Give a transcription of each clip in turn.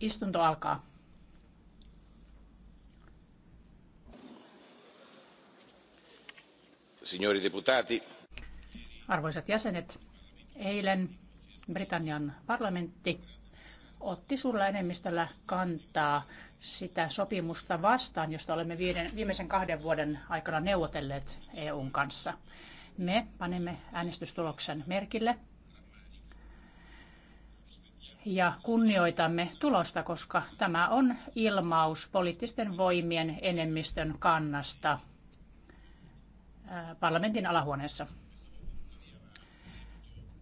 Istunto alkaa. Signori deputati. Arvoisat jäsenet, eilen Britannian parlamentti otti suurella enemmistöllä kantaa sitä sopimusta vastaan, josta olemme viimeisen kahden vuoden aikana neuvotelleet EUn kanssa. Me panemme äänestystuloksen merkille ja kunnioitamme tulosta, koska tämä on ilmaus poliittisten voimien enemmistön kannasta parlamentin alahuoneessa.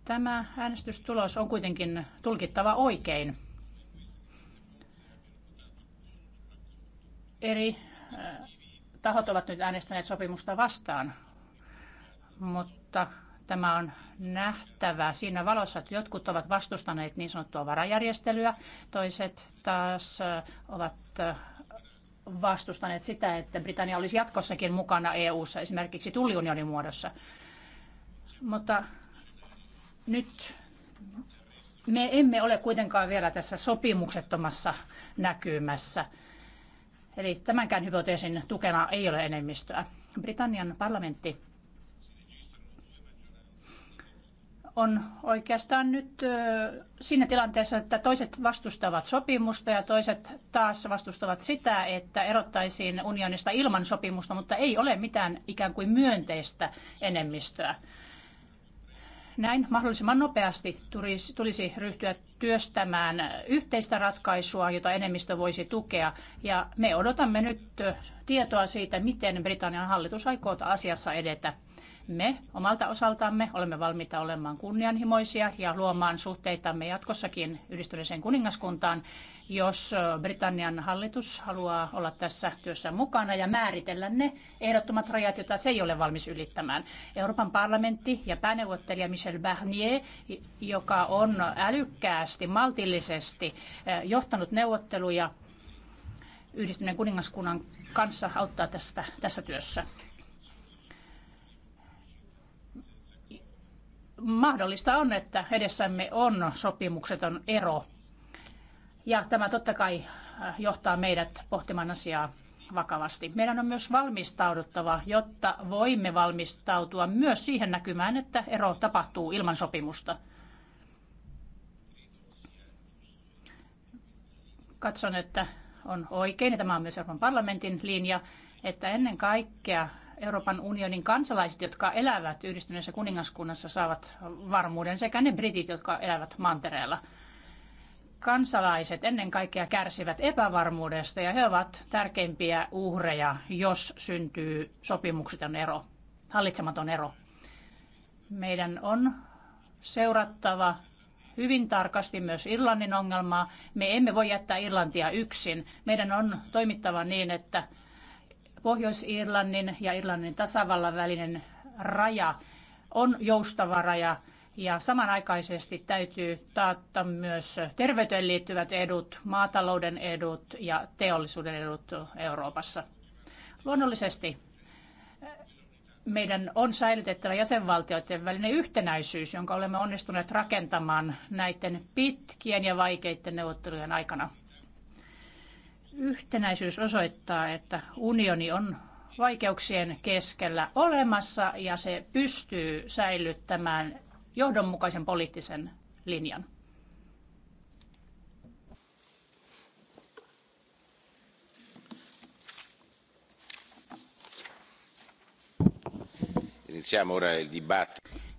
Tämä äänestystulos on kuitenkin tulkittava oikein. Eri tahot ovat nyt äänestäneet sopimusta vastaan, mutta Tämä on nähtävä siinä valossa, että jotkut ovat vastustaneet niin sanottua varajärjestelyä, toiset taas ovat vastustaneet sitä, että Britannia olisi jatkossakin mukana EU:ssa esimerkiksi tulliunionin muodossa. Mutta nyt me emme ole kuitenkaan vielä tässä sopimuksettomassa näkymässä. Eli tämänkään hypoteesin tukena ei ole enemmistöä. Britannian parlamentti on oikeastaan nyt siinä tilanteessa, että toiset vastustavat sopimusta ja toiset taas vastustavat sitä, että erottaisiin unionista ilman sopimusta, mutta ei ole mitään ikään kuin myönteistä enemmistöä näin mahdollisimman nopeasti tulisi ryhtyä työstämään yhteistä ratkaisua, jota enemmistö voisi tukea. Ja me odotamme nyt tietoa siitä, miten Britannian hallitus aikoo asiassa edetä. Me omalta osaltamme olemme valmiita olemaan kunnianhimoisia ja luomaan suhteitamme jatkossakin yhdistyneeseen kuningaskuntaan jos Britannian hallitus haluaa olla tässä työssä mukana ja määritellä ne ehdottomat rajat, joita se ei ole valmis ylittämään. Euroopan parlamentti ja pääneuvottelija Michel Barnier, joka on älykkäästi, maltillisesti johtanut neuvotteluja yhdistyneen kuningaskunnan kanssa, auttaa tästä, tässä työssä. mahdollista on, että edessämme on sopimukseton ero ja tämä totta kai äh, johtaa meidät pohtimaan asiaa vakavasti. Meidän on myös valmistauduttava, jotta voimme valmistautua myös siihen näkymään, että ero tapahtuu ilman sopimusta. Katson, että on oikein, ja tämä on myös Euroopan parlamentin linja, että ennen kaikkea Euroopan unionin kansalaiset, jotka elävät yhdistyneessä kuningaskunnassa, saavat varmuuden sekä ne britit, jotka elävät mantereella kansalaiset ennen kaikkea kärsivät epävarmuudesta ja he ovat tärkeimpiä uhreja, jos syntyy sopimukseton ero, hallitsematon ero. Meidän on seurattava hyvin tarkasti myös Irlannin ongelmaa. Me emme voi jättää Irlantia yksin. Meidän on toimittava niin, että Pohjois-Irlannin ja Irlannin tasavallan välinen raja on joustava raja – ja samanaikaisesti täytyy taata myös terveyteen liittyvät edut, maatalouden edut ja teollisuuden edut Euroopassa. Luonnollisesti eh, meidän on säilytettävä jäsenvaltioiden välinen yhtenäisyys, jonka olemme onnistuneet rakentamaan näiden pitkien ja vaikeiden neuvottelujen aikana. Yhtenäisyys osoittaa, että unioni on vaikeuksien keskellä olemassa ja se pystyy säilyttämään johdonmukaisen poliittisen linjan.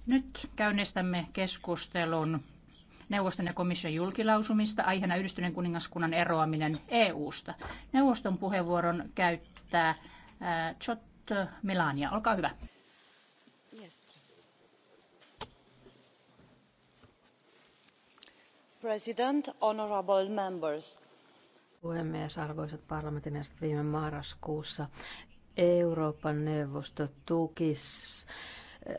Nyt käynnistämme keskustelun neuvoston ja komission julkilausumista aiheena yhdistyneen kuningaskunnan eroaminen EU-sta. Neuvoston puheenvuoron käyttää Chot Melania. Olkaa hyvä. Puhemies, arvoisat parlamentin jäsenet, viime marraskuussa Euroopan neuvosto tuki eh,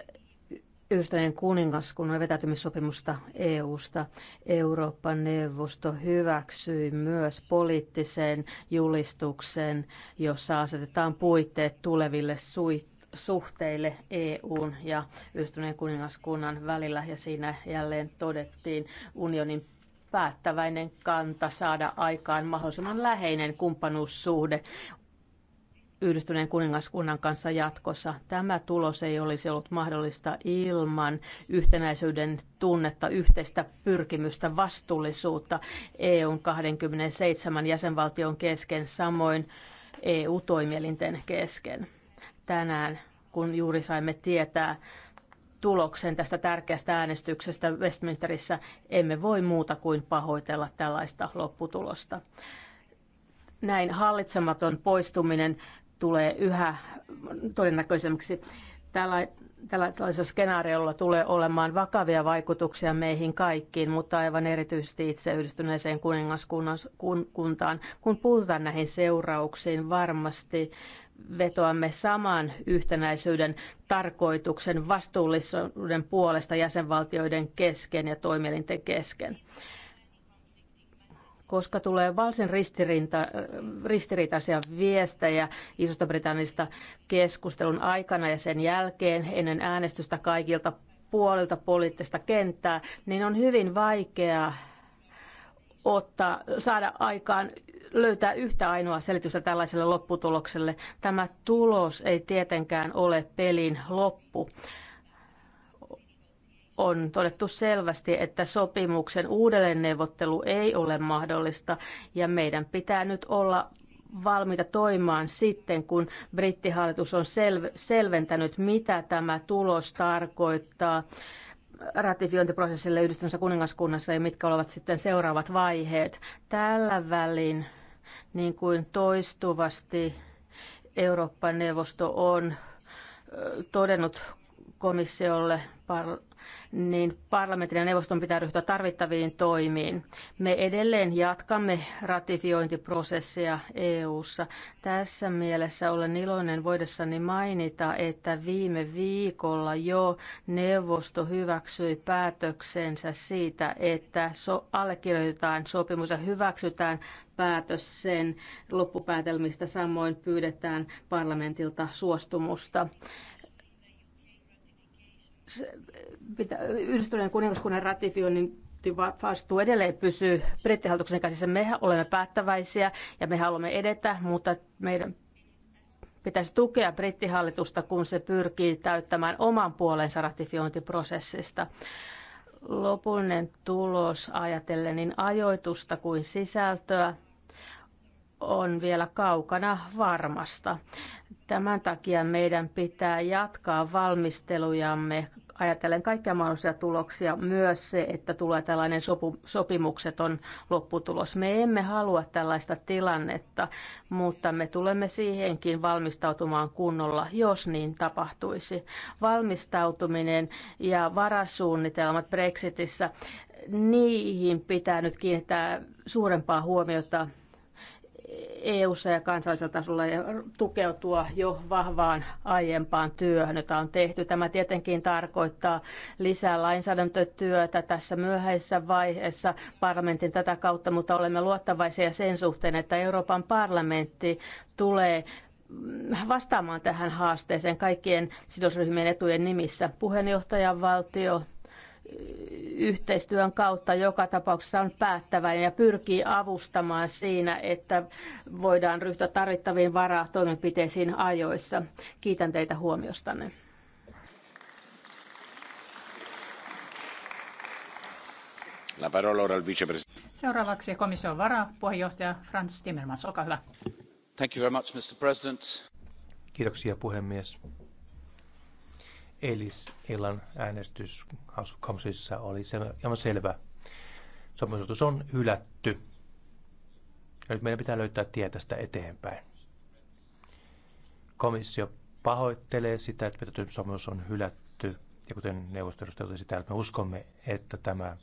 Yhdistyneen kuningaskunnan vetäytymissopimusta EU-sta. Euroopan neuvosto hyväksyi myös poliittisen julistuksen, jossa asetetaan puitteet tuleville suhteille EUn ja Yhdistyneen kuningaskunnan välillä ja siinä jälleen todettiin unionin päättäväinen kanta saada aikaan mahdollisimman läheinen kumppanuussuhde yhdistyneen kuningaskunnan kanssa jatkossa. Tämä tulos ei olisi ollut mahdollista ilman yhtenäisyyden tunnetta, yhteistä pyrkimystä, vastuullisuutta EUn 27 jäsenvaltion kesken, samoin EU-toimielinten kesken. Tänään, kun juuri saimme tietää tuloksen tästä tärkeästä äänestyksestä Westminsterissä. Emme voi muuta kuin pahoitella tällaista lopputulosta. Näin hallitsematon poistuminen tulee yhä todennäköisemmäksi. Tällä, tällaisella skenaariolla tulee olemaan vakavia vaikutuksia meihin kaikkiin, mutta aivan erityisesti itse yhdistyneeseen kuningaskuntaan. Kun puhutaan näihin seurauksiin, varmasti vetoamme saman yhtenäisyyden tarkoituksen vastuullisuuden puolesta jäsenvaltioiden kesken ja toimielinten kesken. Koska tulee valsin ristiriitaisia viestejä Isosta Britannista keskustelun aikana ja sen jälkeen ennen äänestystä kaikilta puolilta poliittista kenttää, niin on hyvin vaikeaa ottaa, saada aikaan, löytää yhtä ainoa selitystä tällaiselle lopputulokselle. Tämä tulos ei tietenkään ole pelin loppu. On todettu selvästi, että sopimuksen uudelleenneuvottelu ei ole mahdollista ja meidän pitää nyt olla valmiita toimimaan sitten, kun brittihallitus on selventänyt, mitä tämä tulos tarkoittaa ratifiointiprosessille yhdistyneessä kuningaskunnassa ja mitkä ovat sitten seuraavat vaiheet. Tällä välin, niin kuin toistuvasti Euroopan neuvosto on todennut komissiolle, par- niin parlamentin ja neuvoston pitää ryhtyä tarvittaviin toimiin. Me edelleen jatkamme ratifiointiprosessia EU:ssa. Tässä mielessä olen iloinen voidessani mainita, että viime viikolla jo neuvosto hyväksyi päätöksensä siitä, että so- allekirjoitetaan sopimus ja hyväksytään päätös sen loppupäätelmistä. Samoin pyydetään parlamentilta suostumusta. Yhdistyneen kuningaskunnan ratifioinnin vastuu edelleen pysyy brittihallituksen käsissä. Me olemme päättäväisiä ja me haluamme edetä, mutta meidän pitäisi tukea brittihallitusta, kun se pyrkii täyttämään oman puolensa ratifiointiprosessista. Lopullinen tulos ajatellen niin ajoitusta kuin sisältöä on vielä kaukana varmasta. Tämän takia meidän pitää jatkaa valmistelujamme ajatellen kaikkia mahdollisia tuloksia, myös se, että tulee tällainen sopu, sopimukseton lopputulos. Me emme halua tällaista tilannetta, mutta me tulemme siihenkin valmistautumaan kunnolla, jos niin tapahtuisi. Valmistautuminen ja varasuunnitelmat Brexitissä, niihin pitää nyt kiinnittää suurempaa huomiota EU-ssa ja kansallisella tasolla ja tukeutua jo vahvaan aiempaan työhön, jota on tehty. Tämä tietenkin tarkoittaa lisää lainsäädäntötyötä tässä myöhäisessä vaiheessa parlamentin tätä kautta, mutta olemme luottavaisia sen suhteen, että Euroopan parlamentti tulee vastaamaan tähän haasteeseen kaikkien sidosryhmien etujen nimissä. valtio, yhteistyön kautta joka tapauksessa on päättäväinen ja pyrkii avustamaan siinä, että voidaan ryhtyä tarvittaviin toimenpiteisiin ajoissa. Kiitän teitä huomiostanne. La parola ora al Seuraavaksi komission puheenjohtaja Frans Timmermans, olkaa hyvä. Thank you very much, Mr. President. Kiitoksia puhemies eilisillan äänestys House of Commonsissa oli aivan selvä. Sopimus on hylätty. Ja nyt meidän pitää löytää tie tästä eteenpäin. Komissio pahoittelee sitä, että sopimus on hylätty. Ja kuten neuvostodustaja totesi täällä, me uskomme, että tämä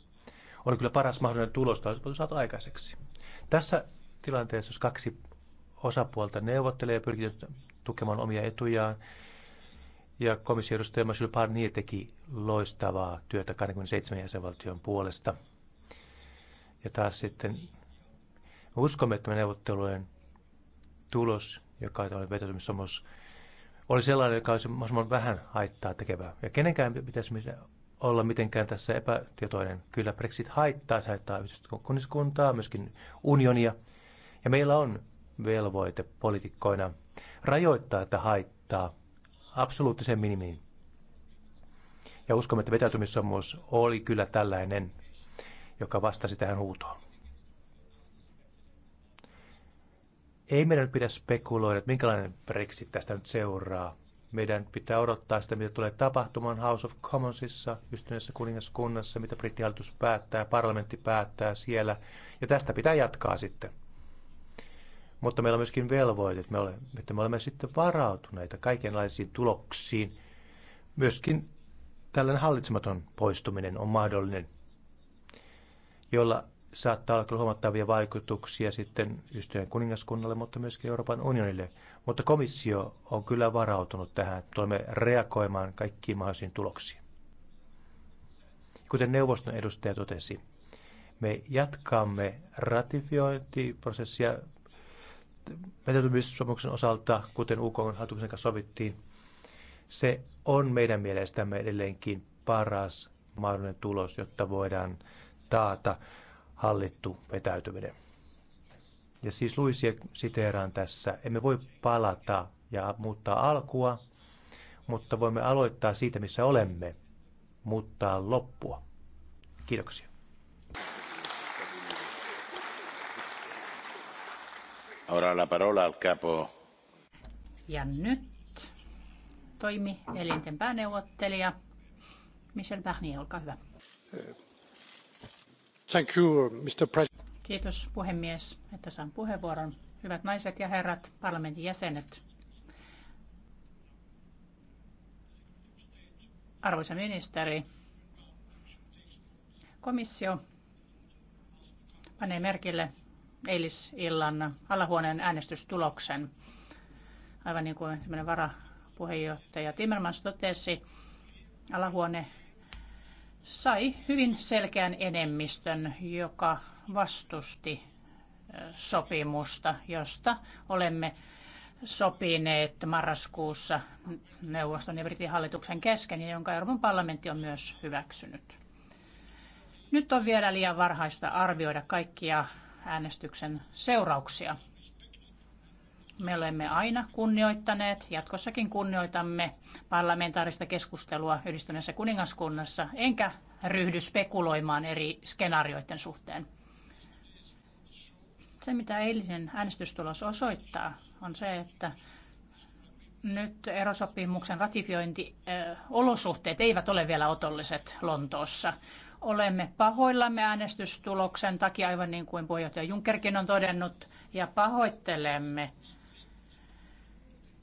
oli kyllä paras mahdollinen tulos, jota olisi saatu aikaiseksi. Tässä tilanteessa, jos kaksi osapuolta neuvottelee ja pyrkii tukemaan omia etujaan, ja komissiodustaja Michel Barnier teki loistavaa työtä 27 jäsenvaltion puolesta. Ja taas sitten uskomme, että neuvottelujen tulos, joka oli vetosomissomus, oli sellainen, joka olisi mahdollisimman vähän haittaa tekevää. Ja kenenkään pitäisi olla mitenkään tässä epätietoinen. Kyllä Brexit haittaa, se haittaa yhteiskuntaa, myöskin unionia. Ja meillä on velvoite poliitikkoina rajoittaa tätä haittaa – absoluuttiseen minimiin. Ja uskomme, että vetäytymissomuus oli kyllä tällainen, joka vastasi tähän huutoon. Ei meidän pidä spekuloida, että minkälainen Brexit tästä nyt seuraa. Meidän pitää odottaa sitä, mitä tulee tapahtumaan House of Commonsissa, ystävässä kuningaskunnassa, mitä brittihallitus päättää, parlamentti päättää siellä. Ja tästä pitää jatkaa sitten. Mutta meillä on myöskin velvoite, me olemme, että me olemme sitten varautuneita kaikenlaisiin tuloksiin. Myöskin tällainen hallitsematon poistuminen on mahdollinen, jolla saattaa olla huomattavia vaikutuksia sitten yhteen kuningaskunnalle, mutta myöskin Euroopan unionille. Mutta komissio on kyllä varautunut tähän, tulemme reagoimaan kaikkiin mahdollisiin tuloksiin. Kuten neuvoston edustaja totesi, me jatkamme ratifiointiprosessia vetäytymissopimuksen osalta, kuten UK-hallituksen kanssa sovittiin, se on meidän mielestämme edelleenkin paras mahdollinen tulos, jotta voidaan taata hallittu vetäytyminen. Ja siis Luisia siteeraan tässä. Emme voi palata ja muuttaa alkua, mutta voimme aloittaa siitä, missä olemme, muuttaa loppua. Kiitoksia. Ora la parola al capo. Ja nyt toimi elinten pääneuvottelija Michel Barnier, olkaa hyvä. Thank you, Mr. President. Kiitos puhemies, että saan puheenvuoron. Hyvät naiset ja herrat, parlamentin jäsenet. Arvoisa ministeri, komissio panee merkille eilisillan alahuoneen äänestystuloksen. Aivan niin kuin ensimmäinen varapuheenjohtaja Timmermans totesi, alahuone sai hyvin selkeän enemmistön, joka vastusti sopimusta, josta olemme sopineet marraskuussa neuvoston ja Britin hallituksen kesken ja jonka Euroopan parlamentti on myös hyväksynyt. Nyt on vielä liian varhaista arvioida kaikkia äänestyksen seurauksia. Me olemme aina kunnioittaneet, jatkossakin kunnioitamme parlamentaarista keskustelua yhdistyneessä kuningaskunnassa, enkä ryhdy spekuloimaan eri skenaarioiden suhteen. Se, mitä eilisen äänestystulos osoittaa, on se, että nyt erosopimuksen ratifiointiolosuhteet eivät ole vielä otolliset Lontoossa. Olemme pahoillamme äänestystuloksen takia, aivan niin kuin puheenjohtaja Junckerkin on todennut, ja pahoittelemme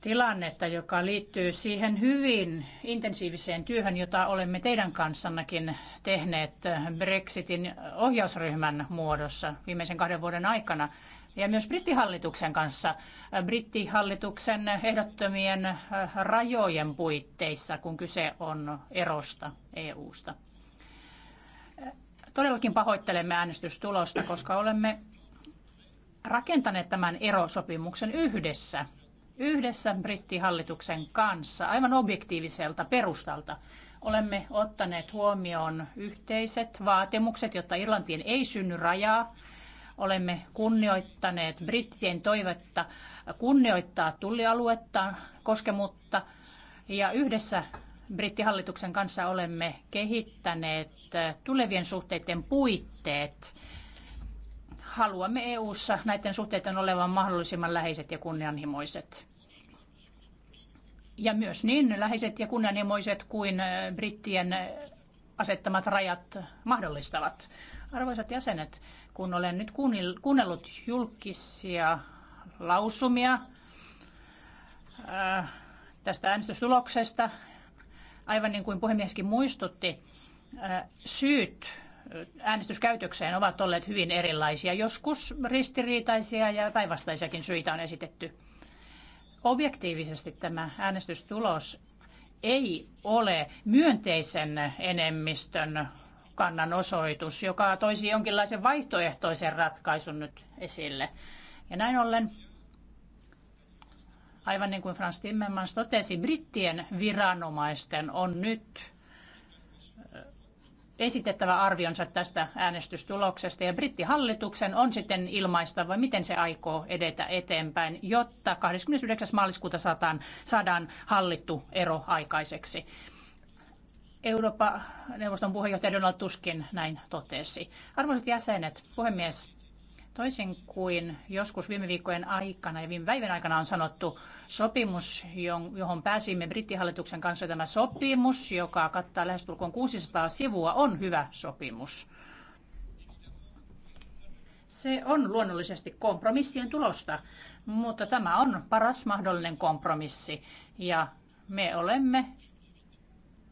tilannetta, joka liittyy siihen hyvin intensiiviseen työhön, jota olemme teidän kanssannakin tehneet Brexitin ohjausryhmän muodossa viimeisen kahden vuoden aikana ja myös brittihallituksen kanssa, brittihallituksen ehdottomien rajojen puitteissa, kun kyse on erosta EU-sta. Todellakin pahoittelemme äänestystulosta, koska olemme rakentaneet tämän erosopimuksen yhdessä, yhdessä brittihallituksen kanssa, aivan objektiiviselta perustalta. Olemme ottaneet huomioon yhteiset vaatimukset, jotta Irlantiin ei synny rajaa. Olemme kunnioittaneet brittien toivetta kunnioittaa tullialuetta, koskemutta ja yhdessä brittihallituksen kanssa olemme kehittäneet äh, tulevien suhteiden puitteet. Haluamme EU:ssa näiden suhteiden olevan mahdollisimman läheiset ja kunnianhimoiset. Ja myös niin läheiset ja kunnianhimoiset kuin äh, brittien äh, asettamat rajat mahdollistavat. Arvoisat jäsenet, kun olen nyt kuunnellut julkisia lausumia tästä äänestystuloksesta Aivan niin kuin puhemieskin muistutti, syyt äänestyskäytökseen ovat olleet hyvin erilaisia. Joskus ristiriitaisia ja päinvastaisiakin syitä on esitetty. Objektiivisesti tämä äänestystulos ei ole myönteisen enemmistön kannan osoitus, joka toisi jonkinlaisen vaihtoehtoisen ratkaisun nyt esille. Ja näin ollen aivan niin kuin Frans Timmermans totesi, brittien viranomaisten on nyt esitettävä arvionsa tästä äänestystuloksesta ja brittihallituksen on sitten ilmaistava, miten se aikoo edetä eteenpäin, jotta 29. maaliskuuta saadaan, saadaan hallittu ero aikaiseksi. Eurooppa-neuvoston puheenjohtaja Donald Tuskin näin totesi. Arvoisat jäsenet, puhemies, Toisin kuin joskus viime viikkojen aikana ja viime päivän aikana on sanottu, sopimus, johon pääsimme brittihallituksen kanssa, tämä sopimus, joka kattaa lähestulkoon 600 sivua, on hyvä sopimus. Se on luonnollisesti kompromissien tulosta, mutta tämä on paras mahdollinen kompromissi ja me olemme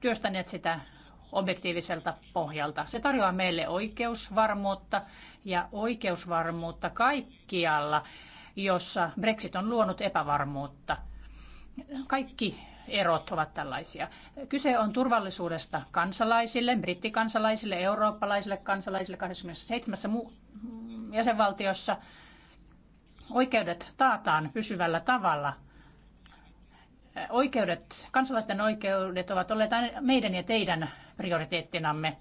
työstäneet sitä objektiiviselta pohjalta. Se tarjoaa meille oikeusvarmuutta ja oikeusvarmuutta kaikkialla, jossa Brexit on luonut epävarmuutta. Kaikki erot ovat tällaisia. Kyse on turvallisuudesta kansalaisille, brittikansalaisille, eurooppalaisille kansalaisille 27 mu- jäsenvaltiossa. Oikeudet taataan pysyvällä tavalla oikeudet, kansalaisten oikeudet ovat olleet meidän ja teidän prioriteettinamme.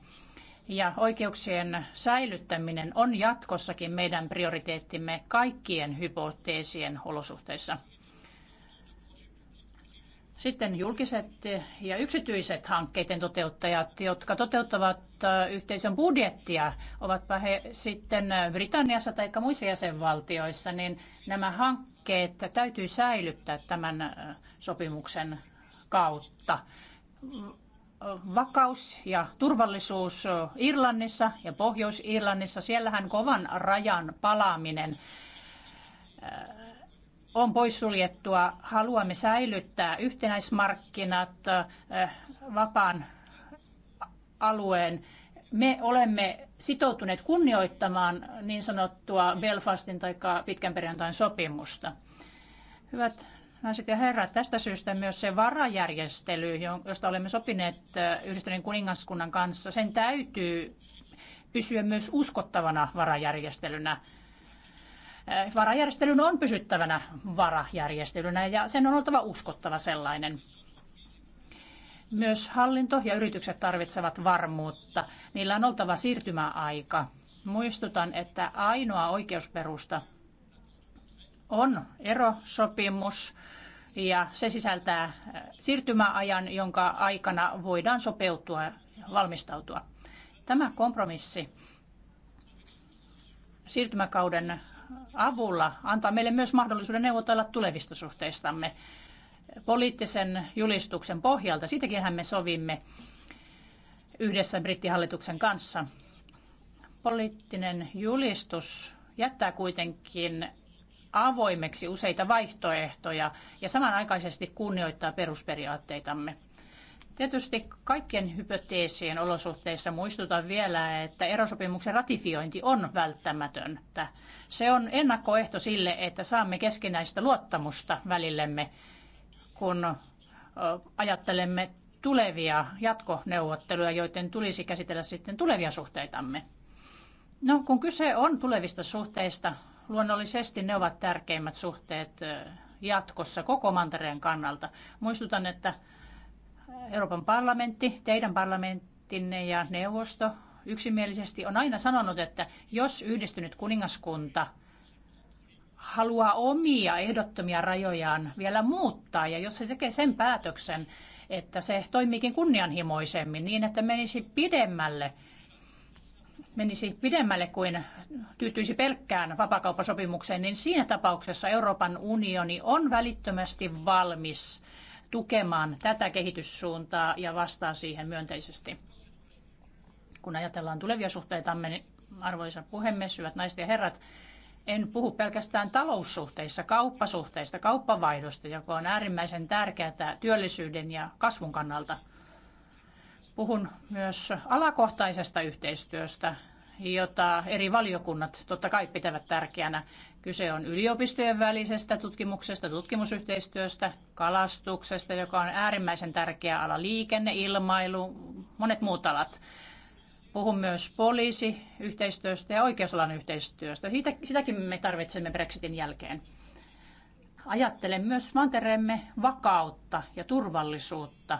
Ja oikeuksien säilyttäminen on jatkossakin meidän prioriteettimme kaikkien hypoteesien olosuhteissa. Sitten julkiset ja yksityiset hankkeiden toteuttajat, jotka toteuttavat äh, yhteisön budjettia, ovatpa he sitten äh, Britanniassa tai muissa jäsenvaltioissa, niin nämä hankkeet täytyy säilyttää tämän äh, sopimuksen kautta vakaus ja turvallisuus Irlannissa ja Pohjois-Irlannissa. Siellähän kovan rajan palaaminen äh, on poissuljettua. Haluamme säilyttää yhtenäismarkkinat, äh, vapaan alueen. Me olemme sitoutuneet kunnioittamaan niin sanottua Belfastin tai pitkän perjantain sopimusta. Hyvät Naiset ja herrat, tästä syystä myös se varajärjestely, josta olemme sopineet äh, yhdistyneen kuningaskunnan kanssa, sen täytyy pysyä myös uskottavana varajärjestelynä. Äh, varajärjestelyn on pysyttävänä varajärjestelynä ja sen on oltava uskottava sellainen. Myös hallinto ja yritykset tarvitsevat varmuutta. Niillä on oltava siirtymäaika. Muistutan, että ainoa oikeusperusta on erosopimus ja se sisältää äh, siirtymäajan, jonka aikana voidaan sopeutua ja valmistautua. Tämä kompromissi siirtymäkauden avulla antaa meille myös mahdollisuuden neuvotella tulevista suhteistamme poliittisen julistuksen pohjalta. Siitäkinhän me sovimme yhdessä brittihallituksen kanssa. Poliittinen julistus jättää kuitenkin avoimeksi useita vaihtoehtoja ja samanaikaisesti kunnioittaa perusperiaatteitamme. Tietysti kaikkien hypoteesien olosuhteissa muistutan vielä, että erosopimuksen ratifiointi on välttämätöntä. Se on ennakkoehto sille, että saamme keskinäistä luottamusta välillemme, kun ajattelemme tulevia jatkoneuvotteluja, joiden tulisi käsitellä sitten tulevia suhteitamme. No, kun kyse on tulevista suhteista, Luonnollisesti ne ovat tärkeimmät suhteet jatkossa koko mantereen kannalta. Muistutan, että Euroopan parlamentti, teidän parlamenttinne ja neuvosto yksimielisesti on aina sanonut, että jos yhdistynyt kuningaskunta haluaa omia ehdottomia rajojaan vielä muuttaa ja jos se tekee sen päätöksen, että se toimiikin kunnianhimoisemmin niin, että menisi pidemmälle menisi pidemmälle kuin tyytyisi pelkkään vapakauppasopimukseen, niin siinä tapauksessa Euroopan unioni on välittömästi valmis tukemaan tätä kehityssuuntaa ja vastaa siihen myönteisesti. Kun ajatellaan tulevia suhteitamme, niin arvoisa puhemies, hyvät naiset ja herrat, en puhu pelkästään taloussuhteissa, kauppasuhteista, kauppavaihdosta, joka on äärimmäisen tärkeää työllisyyden ja kasvun kannalta – Puhun myös alakohtaisesta yhteistyöstä, jota eri valiokunnat totta kai pitävät tärkeänä. Kyse on yliopistojen välisestä tutkimuksesta, tutkimusyhteistyöstä, kalastuksesta, joka on äärimmäisen tärkeä ala, liikenne, ilmailu, monet muut alat. Puhun myös poliisiyhteistyöstä, ja oikeusalan yhteistyöstä. Siitä, sitäkin me tarvitsemme Brexitin jälkeen. Ajattelen myös mantereemme vakautta ja turvallisuutta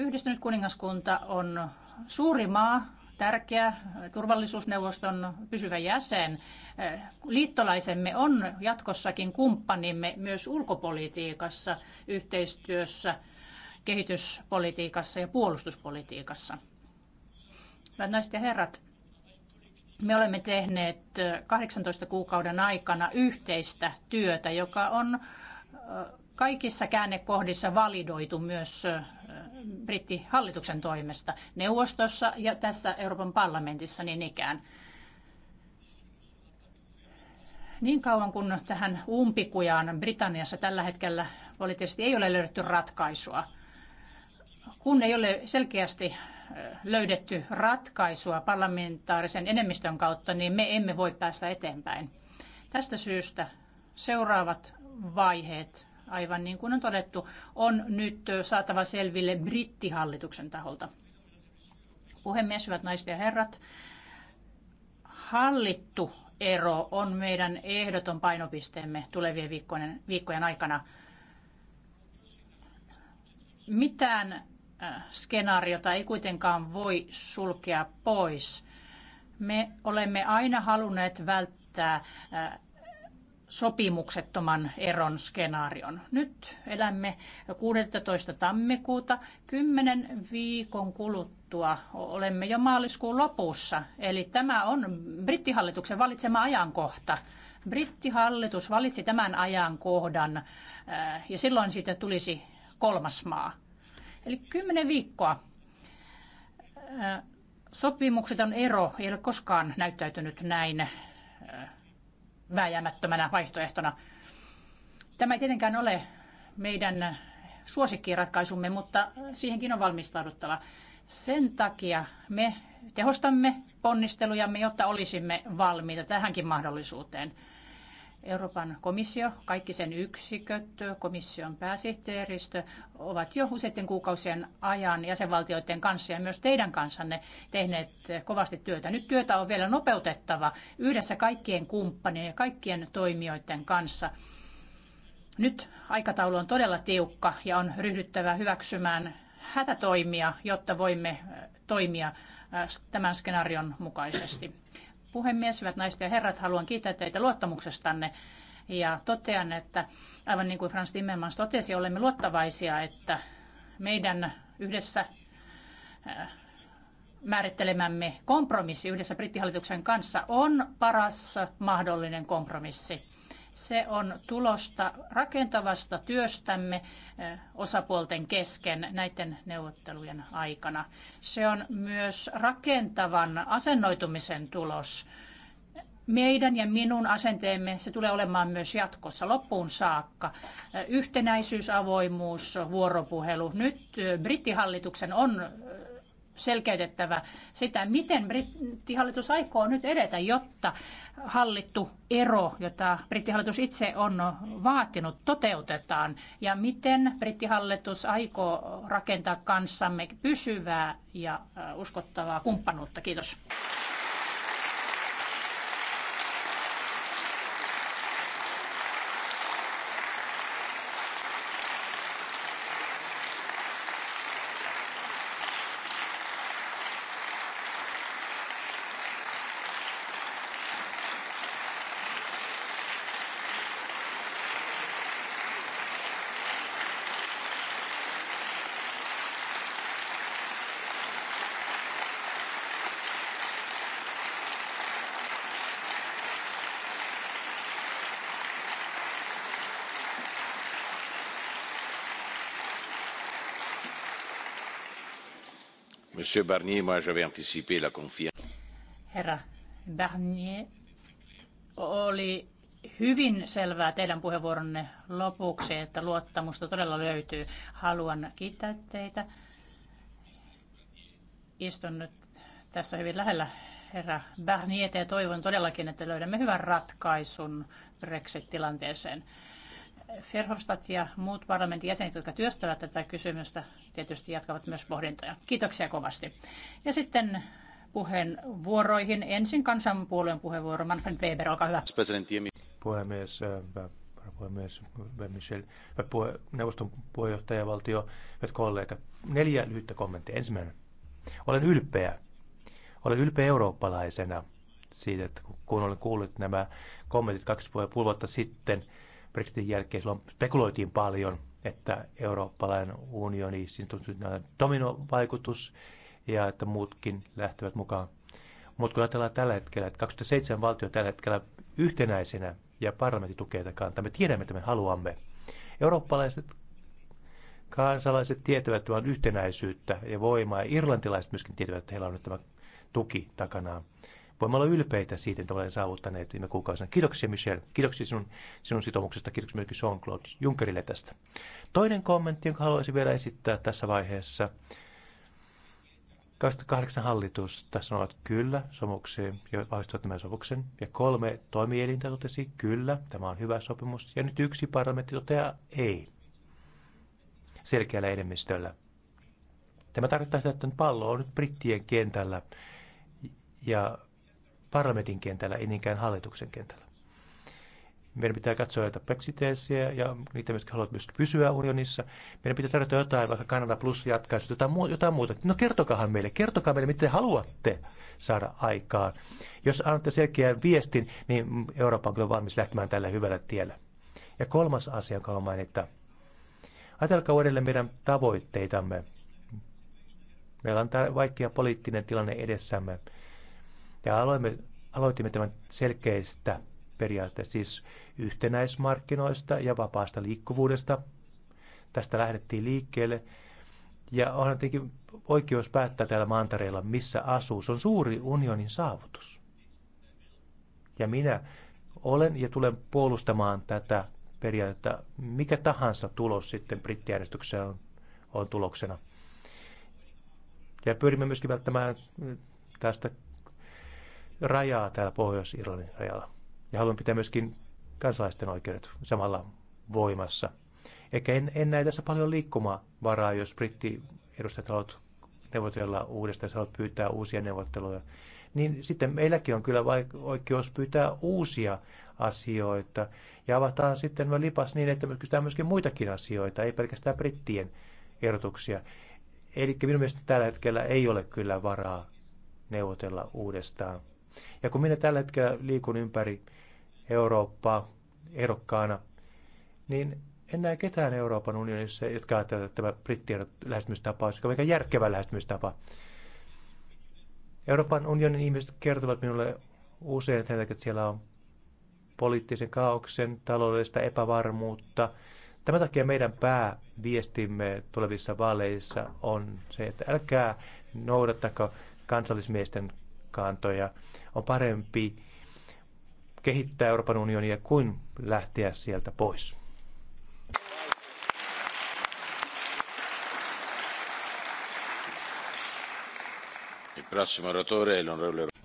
Yhdistynyt kuningaskunta on suuri maa, tärkeä turvallisuusneuvoston pysyvä jäsen. Liittolaisemme on jatkossakin kumppanimme myös ulkopolitiikassa, yhteistyössä, kehityspolitiikassa ja puolustuspolitiikassa. Hyvät naiset ja herrat, me olemme tehneet 18 kuukauden aikana yhteistä työtä, joka on kaikissa käännekohdissa validoitu myös brittihallituksen toimesta neuvostossa ja tässä Euroopan parlamentissa niin ikään. Niin kauan kuin tähän umpikujaan Britanniassa tällä hetkellä poliittisesti ei ole löydetty ratkaisua, kun ei ole selkeästi löydetty ratkaisua parlamentaarisen enemmistön kautta, niin me emme voi päästä eteenpäin. Tästä syystä seuraavat vaiheet aivan niin kuin on todettu, on nyt saatava selville brittihallituksen taholta. Puhemies, hyvät naiset ja herrat, hallittu ero on meidän ehdoton painopisteemme tulevien viikkojen, viikkojen aikana. Mitään äh, skenaariota ei kuitenkaan voi sulkea pois. Me olemme aina halunneet välttää äh, sopimuksettoman eron skenaarion. Nyt elämme 16. tammikuuta. Kymmenen viikon kuluttua olemme jo maaliskuun lopussa. Eli tämä on brittihallituksen valitsema ajankohta. Brittihallitus valitsi tämän ajankohdan äh, ja silloin siitä tulisi kolmas maa. Eli kymmenen viikkoa. Äh, Sopimukset on ero, ei ole koskaan näyttäytynyt näin äh, vääjäämättömänä vaihtoehtona. Tämä ei tietenkään ole meidän suosikkiratkaisumme, mutta siihenkin on valmistauduttava. Sen takia me tehostamme ponnistelujamme, jotta olisimme valmiita tähänkin mahdollisuuteen. Euroopan komissio, kaikki sen yksiköt, komission pääsihteeristö ovat jo useiden kuukausien ajan jäsenvaltioiden kanssa ja myös teidän kanssanne tehneet kovasti työtä. Nyt työtä on vielä nopeutettava yhdessä kaikkien kumppanien ja kaikkien toimijoiden kanssa. Nyt aikataulu on todella tiukka ja on ryhdyttävä hyväksymään hätätoimia, jotta voimme toimia äh, tämän skenaarion mukaisesti puhemies, hyvät naiset ja herrat, haluan kiittää teitä luottamuksestanne ja totean, että aivan niin kuin Frans Timmermans totesi, olemme luottavaisia, että meidän yhdessä äh, määrittelemämme kompromissi yhdessä brittihallituksen kanssa on paras mahdollinen kompromissi. Se on tulosta rakentavasta työstämme eh, osapuolten kesken näiden neuvottelujen aikana. Se on myös rakentavan asennoitumisen tulos. Meidän ja minun asenteemme, se tulee olemaan myös jatkossa loppuun saakka. Eh, yhtenäisyys, avoimuus, vuoropuhelu. Nyt eh, brittihallituksen on selkeytettävä sitä, miten brittihallitus aikoo nyt edetä, jotta hallittu ero, jota brittihallitus itse on vaatinut, toteutetaan ja miten brittihallitus aikoo rakentaa kanssamme pysyvää ja uskottavaa kumppanuutta. Kiitos. Monsieur Barnier, moi j'avais anticipé la confiance. Herra Barnier, oli hyvin selvää teidän puheenvuoronne lopuksi, että luottamusta todella löytyy. Haluan kiittää teitä. Istun nyt tässä hyvin lähellä herra Barnier ja toivon todellakin, että löydämme hyvän ratkaisun Brexit-tilanteeseen. Ferhofstadt ja muut parlamentin jäsenet, jotka työstävät tätä kysymystä, tietysti jatkavat myös pohdintoja. Kiitoksia kovasti. Ja sitten puheenvuoroihin. Ensin kansanpuolueen puheenvuoro. Manfred Weber, olkaa hyvä. Puhemies, äh, puhemies Michel, puhe, neuvoston valtio, hyvät kollegat. Neljä lyhyttä kommenttia. Ensimmäinen. Olen ylpeä. Olen ylpeä eurooppalaisena siitä, että kun olen kuullut nämä kommentit kaksi vuotta sitten – Brexitin jälkeen silloin spekuloitiin paljon, että eurooppalainen unioni, siinä on dominovaikutus ja että muutkin lähtevät mukaan. Mutta kun ajatellaan tällä hetkellä, että 27 valtio tällä hetkellä yhtenäisenä ja parlamentti tukee tätä kantaa, me tiedämme, että me haluamme. Eurooppalaiset kansalaiset tietävät tämän yhtenäisyyttä ja voimaa, ja irlantilaiset myöskin tietävät, että heillä on nyt tämä tuki takanaan. Voimme olla ylpeitä siitä, että olemme saavuttaneet viime kuukausina. Kiitoksia Michelle, kiitoksia sinun, sinun sitoumuksesta, kiitoksia myöskin Jean-Claude Junckerille tästä. Toinen kommentti, jonka haluaisin vielä esittää tässä vaiheessa. 28 hallitusta sanoivat kyllä sopimukseen ja vahvistivat tämän sopimuksen. Ja kolme toimielintä totesi kyllä, tämä on hyvä sopimus. Ja nyt yksi parlamentti toteaa ei selkeällä enemmistöllä. Tämä tarkoittaa sitä, että pallo on nyt brittien kentällä ja parlamentin kentällä, ei niinkään hallituksen kentällä. Meidän pitää katsoa näitä brexiteisiä ja niitä, jotka haluavat myös pysyä unionissa. Meidän pitää tarjota jotain, vaikka Kanada Plus jatkaisi jotain, mu- jotain muuta. No kertokahan meille, kertokaa meille, mitä te haluatte saada aikaan. Jos annatte selkeän viestin, niin Eurooppa on kyllä valmis lähtemään tällä hyvällä tiellä. Ja kolmas asia, joka on mainita. Ajatelkaa uudelleen meidän tavoitteitamme. Meillä on vaikea poliittinen tilanne edessämme. Ja aloimme, aloitimme tämän selkeistä periaatteista, siis yhtenäismarkkinoista ja vapaasta liikkuvuudesta. Tästä lähdettiin liikkeelle. Ja onhan tietenkin oikeus päättää täällä mantareilla, missä asuu. Se on suuri unionin saavutus. Ja minä olen ja tulen puolustamaan tätä periaatetta. Mikä tahansa tulos sitten brittiäänestyksessä on, on tuloksena. Ja pyrimme myöskin välttämään tästä rajaa täällä Pohjois-Irlannin rajalla. Ja haluan pitää myöskin kansalaisten oikeudet samalla voimassa. Eikä en, en näe tässä paljon liikkumavaraa, jos edustajat haluat neuvotella uudestaan, haluat pyytää uusia neuvotteluja, niin sitten meilläkin on kyllä oikeus pyytää uusia asioita. Ja avataan sitten lipas niin, että kysytään myöskin muitakin asioita, ei pelkästään brittien ehdotuksia. Eli minun mielestä tällä hetkellä ei ole kyllä varaa neuvotella uudestaan ja kun minä tällä hetkellä liikun ympäri Eurooppaa ehdokkaana, niin en näe ketään Euroopan unionissa, jotka ajattelevat, että tämä brittien lähestymistapa on aika järkevä lähestymistapa. Euroopan unionin ihmiset kertovat minulle usein, että, että siellä on poliittisen kaauksen, taloudellista epävarmuutta. Tämän takia meidän pääviestimme tulevissa vaaleissa on se, että älkää noudattako kansallismiesten voimakkaantoja. On parempi kehittää Euroopan unionia kuin lähteä sieltä pois.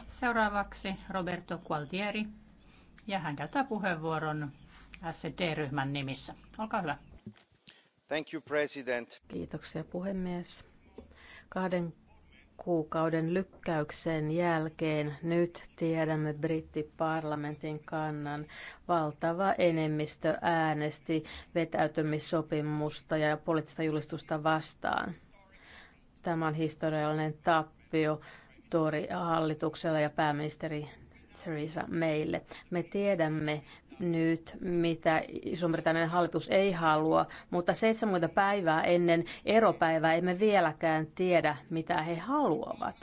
Seuraavaksi Roberto Gualtieri ja hän käyttää puheenvuoron SD-ryhmän nimissä. Olkaa hyvä. Thank you, President. Kiitoksia puhemies. Kahden kuukauden lykkäyksen jälkeen nyt tiedämme brittiparlamentin kannan. Valtava enemmistö äänesti vetäytymissopimusta ja poliittista julistusta vastaan. Tämä on historiallinen tappio Tori-hallituksella ja pääministeri Theresa Maylle. Me tiedämme, nyt, mitä Iso-Britannian hallitus ei halua, mutta 70 päivää ennen eropäivää emme vieläkään tiedä, mitä he haluavat.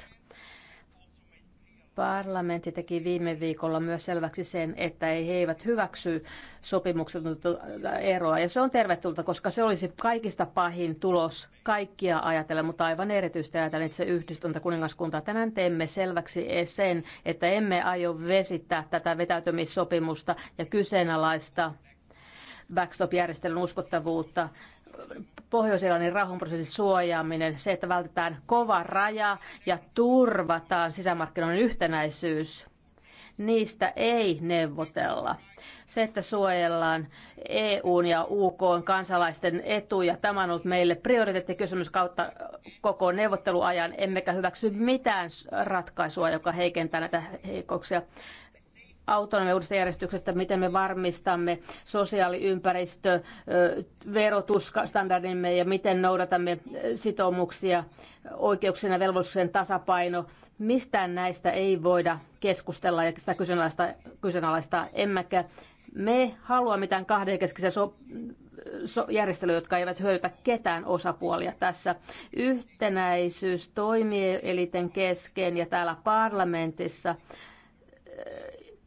Parlamentti teki viime viikolla myös selväksi sen, että he eivät hyväksy sopimuksen äh, eroa. Ja se on tervetulta, koska se olisi kaikista pahin tulos kaikkia ajatellen, mutta aivan erityisesti ajatellen se yhdistyntä kuningaskunta. Tänään teemme selväksi sen, että emme aio vesittää tätä vetäytymissopimusta ja kyseenalaista backstop järjestelmän uskottavuutta Pohjois-Irlannin rauhanprosessin suojaaminen, se, että vältetään kova raja ja turvataan sisämarkkinoiden yhtenäisyys, niistä ei neuvotella. Se, että suojellaan EUn ja UK kansalaisten etuja, tämä on ollut meille prioriteettikysymys kautta koko neuvotteluajan, emmekä hyväksy mitään ratkaisua, joka heikentää näitä heikoksia autonomiuudesta järjestyksestä, miten me varmistamme sosiaaliympäristö, verotusstandardimme ja miten noudatamme sitoumuksia, oikeuksien ja velvollisuuksien tasapaino. Mistään näistä ei voida keskustella ja sitä kyseenalaista, kyseenalaistaa, emmekä me halua mitään kahdenkeskisiä so- so- järjestelyjä, jotka eivät hyödytä ketään osapuolia tässä. Yhtenäisyys toimielinten kesken ja täällä parlamentissa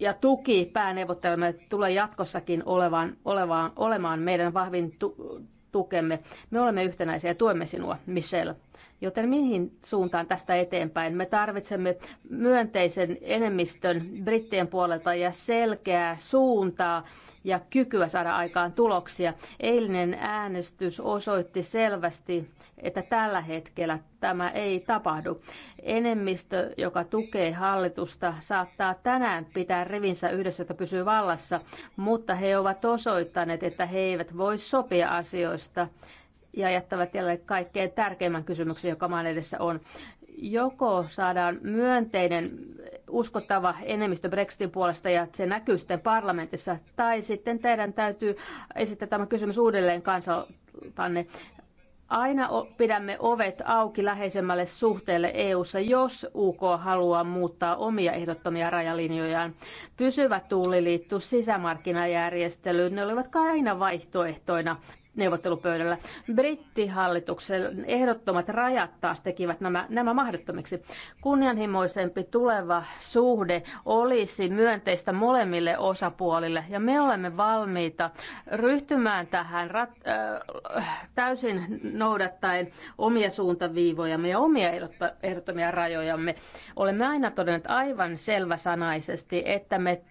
ja tuki pääneuvottelemme tulee jatkossakin olevan, olevaan, olemaan meidän vahvin tu- tukemme. Me olemme yhtenäisiä ja tuemme sinua, Michelle. Joten mihin suuntaan tästä eteenpäin? Me tarvitsemme myönteisen enemmistön brittien puolelta ja selkeää suuntaa ja kykyä saada aikaan tuloksia. Eilinen äänestys osoitti selvästi, että tällä hetkellä tämä ei tapahdu. Enemmistö, joka tukee hallitusta, saattaa tänään pitää rivinsä yhdessä, että pysyy vallassa, mutta he ovat osoittaneet, että he eivät voi sopia asioista ja jättävät jälleen kaikkein tärkeimmän kysymyksen, joka maan edessä on. Joko saadaan myönteinen, uskottava enemmistö Brexitin puolesta ja se näkyy sitten parlamentissa, tai sitten teidän täytyy esittää tämä kysymys uudelleen kansaltanne aina pidämme ovet auki läheisemmälle suhteelle EU:ssa, jos UK haluaa muuttaa omia ehdottomia rajalinjojaan. Pysyvä tulliliitto, sisämarkkinajärjestely, ne olivat aina vaihtoehtoina neuvottelupöydällä. Brittihallituksen ehdottomat rajat taas tekivät nämä, nämä mahdottomiksi. Kunnianhimoisempi tuleva suhde olisi myönteistä molemmille osapuolille ja me olemme valmiita ryhtymään tähän rat, äh, täysin noudattaen omia suuntaviivojamme ja omia ehdottomia rajojamme. Olemme aina todenneet aivan selväsanaisesti, että me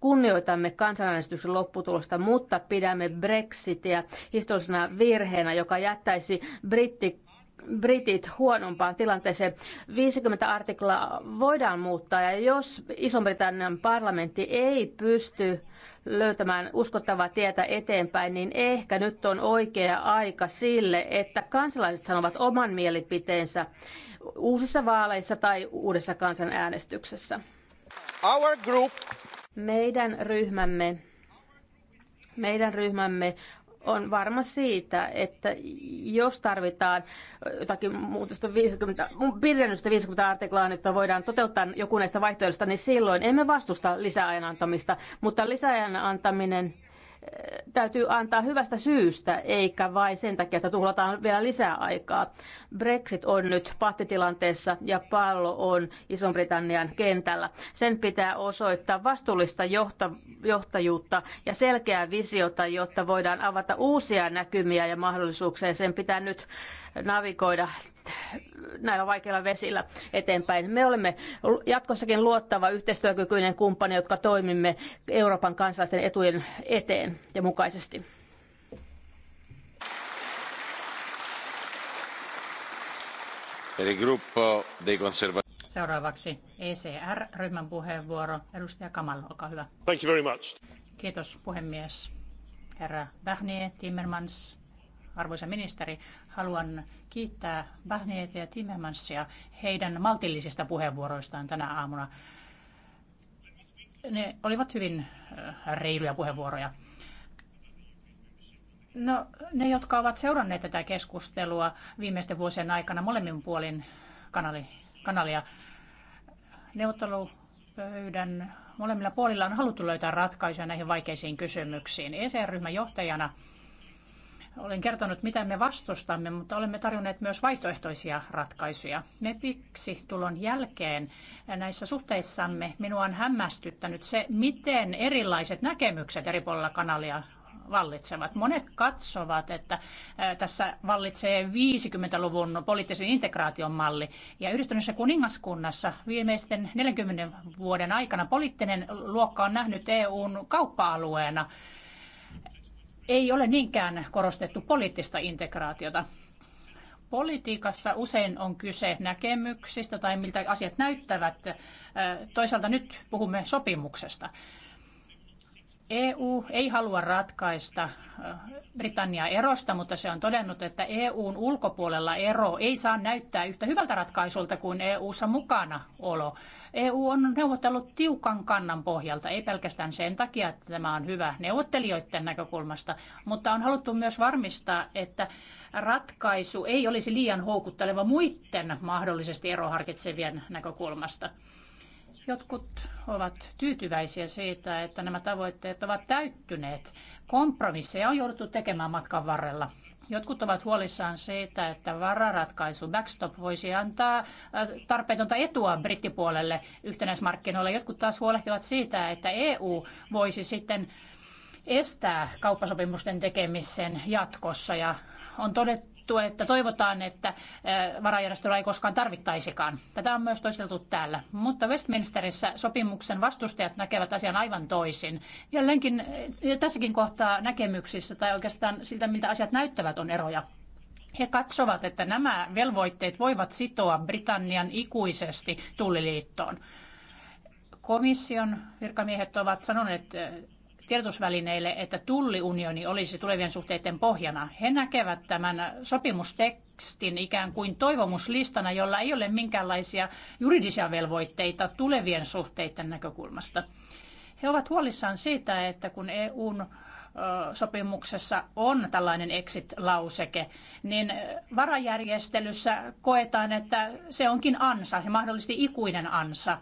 Kunnioitamme kansanäänestyksen lopputulosta, mutta pidämme Brexitiä historiallisena virheenä, joka jättäisi britti Britit huonompaan tilanteeseen. 50 artiklaa voidaan muuttaa ja jos Iso-Britannian parlamentti ei pysty löytämään uskottavaa tietä eteenpäin, niin ehkä nyt on oikea aika sille, että kansalaiset sanovat oman mielipiteensä uusissa vaaleissa tai uudessa kansanäänestyksessä. Our group meidän ryhmämme, meidän ryhmämme on varma siitä, että jos tarvitaan jotakin muutosta 50, pidennystä 50 artiklaa, että voidaan toteuttaa joku näistä vaihtoehdoista, niin silloin emme vastusta lisäajan antamista, mutta lisäajan antaminen täytyy antaa hyvästä syystä, eikä vain sen takia, että tuhlataan vielä lisää aikaa. Brexit on nyt pattitilanteessa ja pallo on iso britannian kentällä. Sen pitää osoittaa vastuullista johta, johtajuutta ja selkeää visiota, jotta voidaan avata uusia näkymiä ja mahdollisuuksia. Sen pitää nyt navigoida näillä vaikeilla vesillä eteenpäin. Me olemme jatkossakin luottava yhteistyökykyinen kumppani, jotka toimimme Euroopan kansalaisten etujen eteen ja mukaisesti. Seuraavaksi ECR-ryhmän puheenvuoro. Edustaja Kamal, olkaa hyvä. Thank you very much. Kiitos puhemies. Herra Bernier, Timmermans, arvoisa ministeri, haluan kiittää Bahnieta ja Timmermansia heidän maltillisista puheenvuoroistaan tänä aamuna. Ne olivat hyvin äh, reiluja puheenvuoroja. No, ne, jotka ovat seuranneet tätä keskustelua viimeisten vuosien aikana molemmin puolin kanali, kanalia, neuvottelupöydän molemmilla puolilla on haluttu löytää ratkaisuja näihin vaikeisiin kysymyksiin. ECR-ryhmän johtajana olen kertonut, mitä me vastustamme, mutta olemme tarjonneet myös vaihtoehtoisia ratkaisuja. Me tulon jälkeen näissä suhteissamme minua on hämmästyttänyt se, miten erilaiset näkemykset eri puolilla kanalia vallitsevat. Monet katsovat, että tässä vallitsee 50-luvun poliittisen integraation malli. Ja yhdistyneessä kuningaskunnassa viimeisten 40 vuoden aikana poliittinen luokka on nähnyt EUn kauppa-alueena ei ole niinkään korostettu poliittista integraatiota. Politiikassa usein on kyse näkemyksistä tai miltä asiat näyttävät. Toisaalta nyt puhumme sopimuksesta. EU ei halua ratkaista Britannia erosta, mutta se on todennut, että EUn ulkopuolella ero ei saa näyttää yhtä hyvältä ratkaisulta kuin EUssa mukana olo. EU on neuvotellut tiukan kannan pohjalta, ei pelkästään sen takia, että tämä on hyvä neuvottelijoiden näkökulmasta, mutta on haluttu myös varmistaa, että ratkaisu ei olisi liian houkutteleva muiden mahdollisesti eroharkitsevien näkökulmasta. Jotkut ovat tyytyväisiä siitä, että nämä tavoitteet ovat täyttyneet. Kompromisseja on jouduttu tekemään matkan varrella. Jotkut ovat huolissaan siitä, että vararatkaisu backstop voisi antaa äh, tarpeetonta etua brittipuolelle yhtenäismarkkinoilla. Jotkut taas huolehtivat siitä, että EU voisi sitten estää kauppasopimusten tekemisen jatkossa ja on todettu, todettu, että toivotaan, että eh, varajärjestelyä ei koskaan tarvittaisikaan. Tätä on myös toisteltu täällä. Mutta Westminsterissä sopimuksen vastustajat näkevät asian aivan toisin. Jälleenkin eh, tässäkin kohtaa näkemyksissä tai oikeastaan siltä, miltä asiat näyttävät, on eroja. He katsovat, että nämä velvoitteet voivat sitoa Britannian ikuisesti tulliliittoon. Komission virkamiehet ovat sanoneet eh, tiedotusvälineille, että tulliunioni olisi tulevien suhteiden pohjana. He näkevät tämän sopimustekstin ikään kuin toivomuslistana, jolla ei ole minkäänlaisia juridisia velvoitteita tulevien suhteiden näkökulmasta. He ovat huolissaan siitä, että kun EUn sopimuksessa on tällainen exit-lauseke, niin varajärjestelyssä koetaan, että se onkin ansa ja mahdollisesti ikuinen ansa –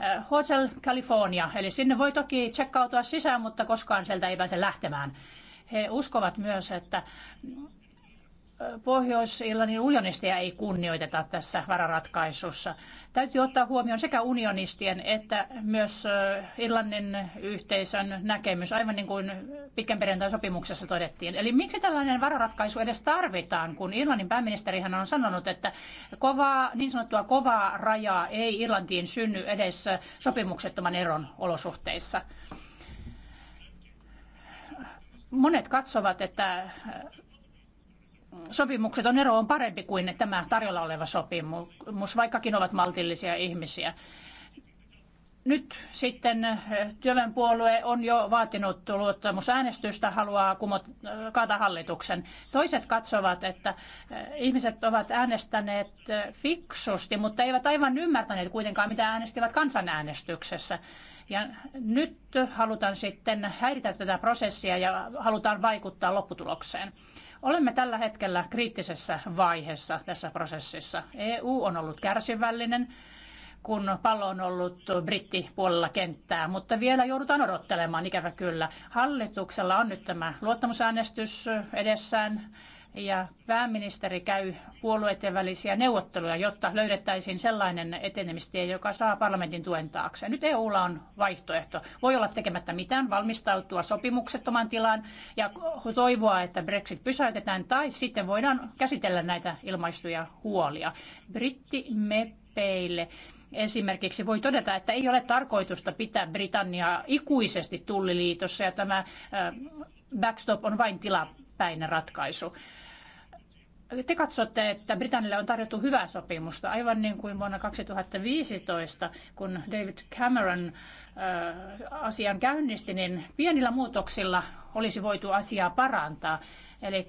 Äh, Hotel California, eli sinne voi toki checkautua sisään, mutta koskaan sieltä ei pääse lähtemään. He uskovat myös, että Pohjois-Irlannin unionisteja ei kunnioiteta tässä vararatkaisussa. Täytyy ottaa huomioon sekä unionistien että myös Irlannin yhteisön näkemys, aivan niin kuin pitkän perjantain sopimuksessa todettiin. Eli miksi tällainen vararatkaisu edes tarvitaan, kun Irlannin pääministerihän on sanonut, että kovaa, niin sanottua kovaa rajaa ei Irlantiin synny edes sopimuksettoman eron olosuhteissa. Monet katsovat, että sopimukseton ero on parempi kuin tämä tarjolla oleva sopimus, vaikkakin ovat maltillisia ihmisiä. Nyt sitten eh, työväenpuolue on jo vaatinut luottamusäänestystä, haluaa kumot, eh, kaata hallituksen. Toiset katsovat, että eh, ihmiset ovat äänestäneet fiksusti, mutta eivät aivan ymmärtäneet kuitenkaan, mitä äänestivät kansanäänestyksessä. Ja nyt halutaan sitten häiritä tätä prosessia ja halutaan vaikuttaa lopputulokseen. Olemme tällä hetkellä kriittisessä vaiheessa tässä prosessissa. EU on ollut kärsivällinen, kun pallo on ollut brittipuolella kenttää, mutta vielä joudutaan odottelemaan, ikävä kyllä. Hallituksella on nyt tämä luottamusäänestys edessään ja pääministeri käy puolueiden välisiä neuvotteluja, jotta löydettäisiin sellainen etenemistie, joka saa parlamentin tuen taakse. Nyt EUlla on vaihtoehto. Voi olla tekemättä mitään, valmistautua sopimuksettoman tilaan ja toivoa, että Brexit pysäytetään, tai sitten voidaan käsitellä näitä ilmaistuja huolia. Brittimepeille esimerkiksi voi todeta, että ei ole tarkoitusta pitää Britanniaa ikuisesti tulliliitossa ja tämä äh, backstop on vain tilapäinen ratkaisu te katsotte, että Britannille on tarjottu hyvää sopimusta, aivan niin kuin vuonna 2015, kun David Cameron äh, asian käynnisti, niin pienillä muutoksilla olisi voitu asiaa parantaa. Eli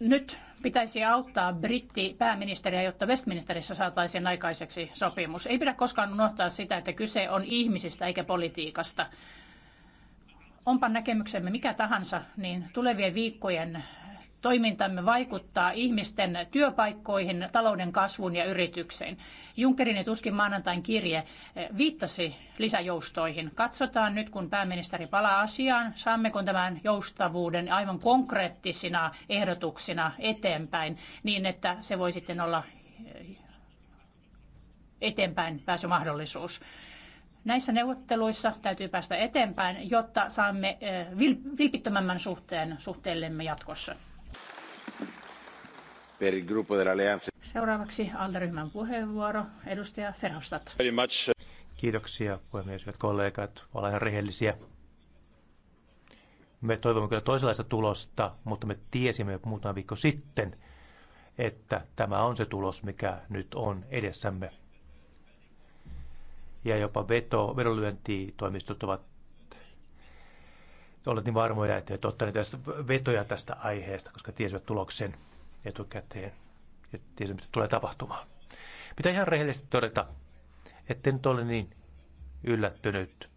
nyt pitäisi auttaa britti pääministeriä, jotta Westminsterissä saataisiin aikaiseksi sopimus. Ei pidä koskaan unohtaa sitä, että kyse on ihmisistä eikä politiikasta. Onpa näkemyksemme mikä tahansa, niin tulevien viikkojen toimintamme vaikuttaa ihmisten työpaikkoihin, talouden kasvuun ja yrityksiin. Junckerin ja tuskin maanantain kirje eh, viittasi lisäjoustoihin. Katsotaan nyt, kun pääministeri palaa asiaan, saammeko tämän joustavuuden aivan konkreettisina ehdotuksina eteenpäin niin, että se voi sitten olla eh, eteenpäin pääsymahdollisuus. Näissä neuvotteluissa täytyy päästä eteenpäin, jotta saamme eh, vilpittömämmän suhteen suhteellemme jatkossa per il gruppo dell'alleanza. Seuraavaksi alderyhmän puheenvuoro, edustaja Ferhostat. Kiitoksia puhemies, hyvät kollegat, ollaan ihan rehellisiä. Me toivomme kyllä toisenlaista tulosta, mutta me tiesimme muutama viikko sitten, että tämä on se tulos, mikä nyt on edessämme. Ja jopa veto, vedonlyöntitoimistot ovat olleet niin varmoja, että he ottaneet tästä vetoja tästä aiheesta, koska tiesivät tuloksen etukäteen ja tiedä, mitä tulee tapahtumaan. Pitää ihan rehellisesti todeta, että nyt ole niin yllättynyt,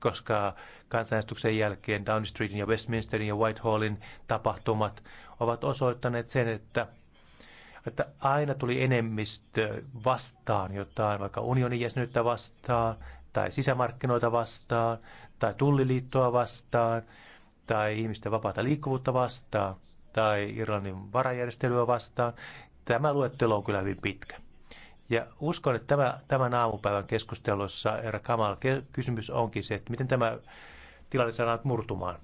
koska kansanäänestyksen jälkeen Downing Streetin ja Westminsterin ja Whitehallin tapahtumat ovat osoittaneet sen, että, että aina tuli enemmistö vastaan jotain, vaikka unionin jäsenyyttä vastaan, tai sisämarkkinoita vastaan, tai tulliliittoa vastaan, tai ihmisten vapaata liikkuvuutta vastaan – tai Irlannin varajärjestelyä vastaan. Tämä luettelo on kyllä hyvin pitkä. Ja uskon, että tämä, tämän aamupäivän keskustelussa, herra Kamal, kysymys onkin se, että miten tämä tilanne saadaan murtumaan.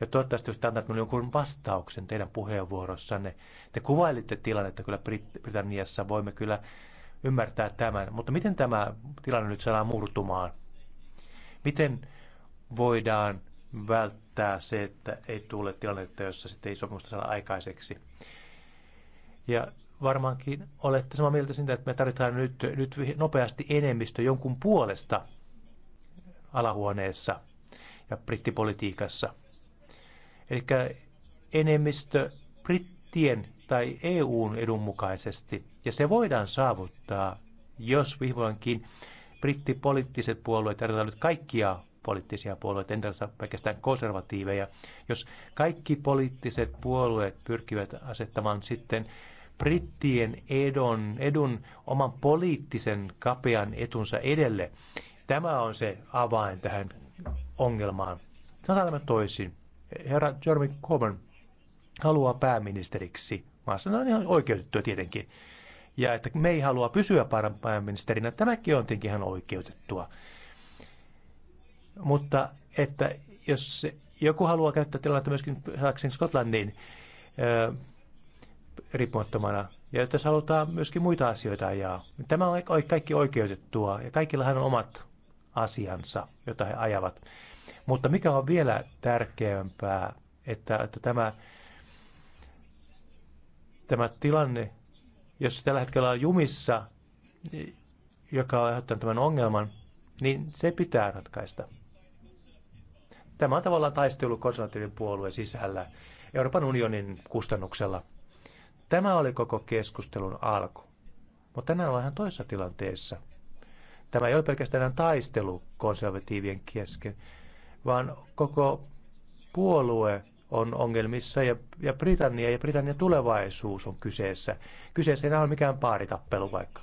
Ja toivottavasti jos tämä on jonkun vastauksen teidän puheenvuorossanne. Te kuvailitte tilannetta kyllä Brit- Britanniassa, voimme kyllä ymmärtää tämän. Mutta miten tämä tilanne nyt saadaan murtumaan? Miten voidaan välttää se, että ei tule tilannetta, jossa sitten ei sopimusta saada aikaiseksi. Ja varmaankin olette samaa mieltä siitä, että me tarvitaan nyt, nyt nopeasti enemmistö jonkun puolesta alahuoneessa ja brittipolitiikassa. Eli enemmistö brittien tai EUn edun mukaisesti. Ja se voidaan saavuttaa, jos vihdoinkin brittipoliittiset puolueet järjestetään nyt kaikkia poliittisia puolueita, en tarkoita pelkästään konservatiiveja. Jos kaikki poliittiset puolueet pyrkivät asettamaan sitten brittien edun, edun oman poliittisen kapean etunsa edelle, tämä on se avain tähän ongelmaan. Sanotaan tämä toisin. Herra Jeremy Corbyn haluaa pääministeriksi maassa. No on ihan oikeutettua tietenkin. Ja että me ei halua pysyä pääministerinä, tämäkin on tietenkin ihan oikeutettua. Mutta että jos joku haluaa käyttää tilannetta myöskin saakseen Skotlannin ö, riippumattomana, ja jos halutaan myöskin muita asioita ajaa, niin tämä on kaikki oikeutettua, ja kaikillahan on omat asiansa, jota he ajavat. Mutta mikä on vielä tärkeämpää, että, että tämä, tämä tilanne, jos tällä hetkellä on jumissa, joka on aiheuttanut tämän ongelman, niin se pitää ratkaista. Tämä on tavallaan taistelu konservatiivipuolueen sisällä Euroopan unionin kustannuksella. Tämä oli koko keskustelun alku. Mutta tänään ollaan ihan toisessa tilanteessa. Tämä ei ole pelkästään taistelu konservatiivien kesken, vaan koko puolue on ongelmissa ja, ja Britannia ja Britannian tulevaisuus on kyseessä. Kyseessä ei enää ole mikään paaritappelu vaikka.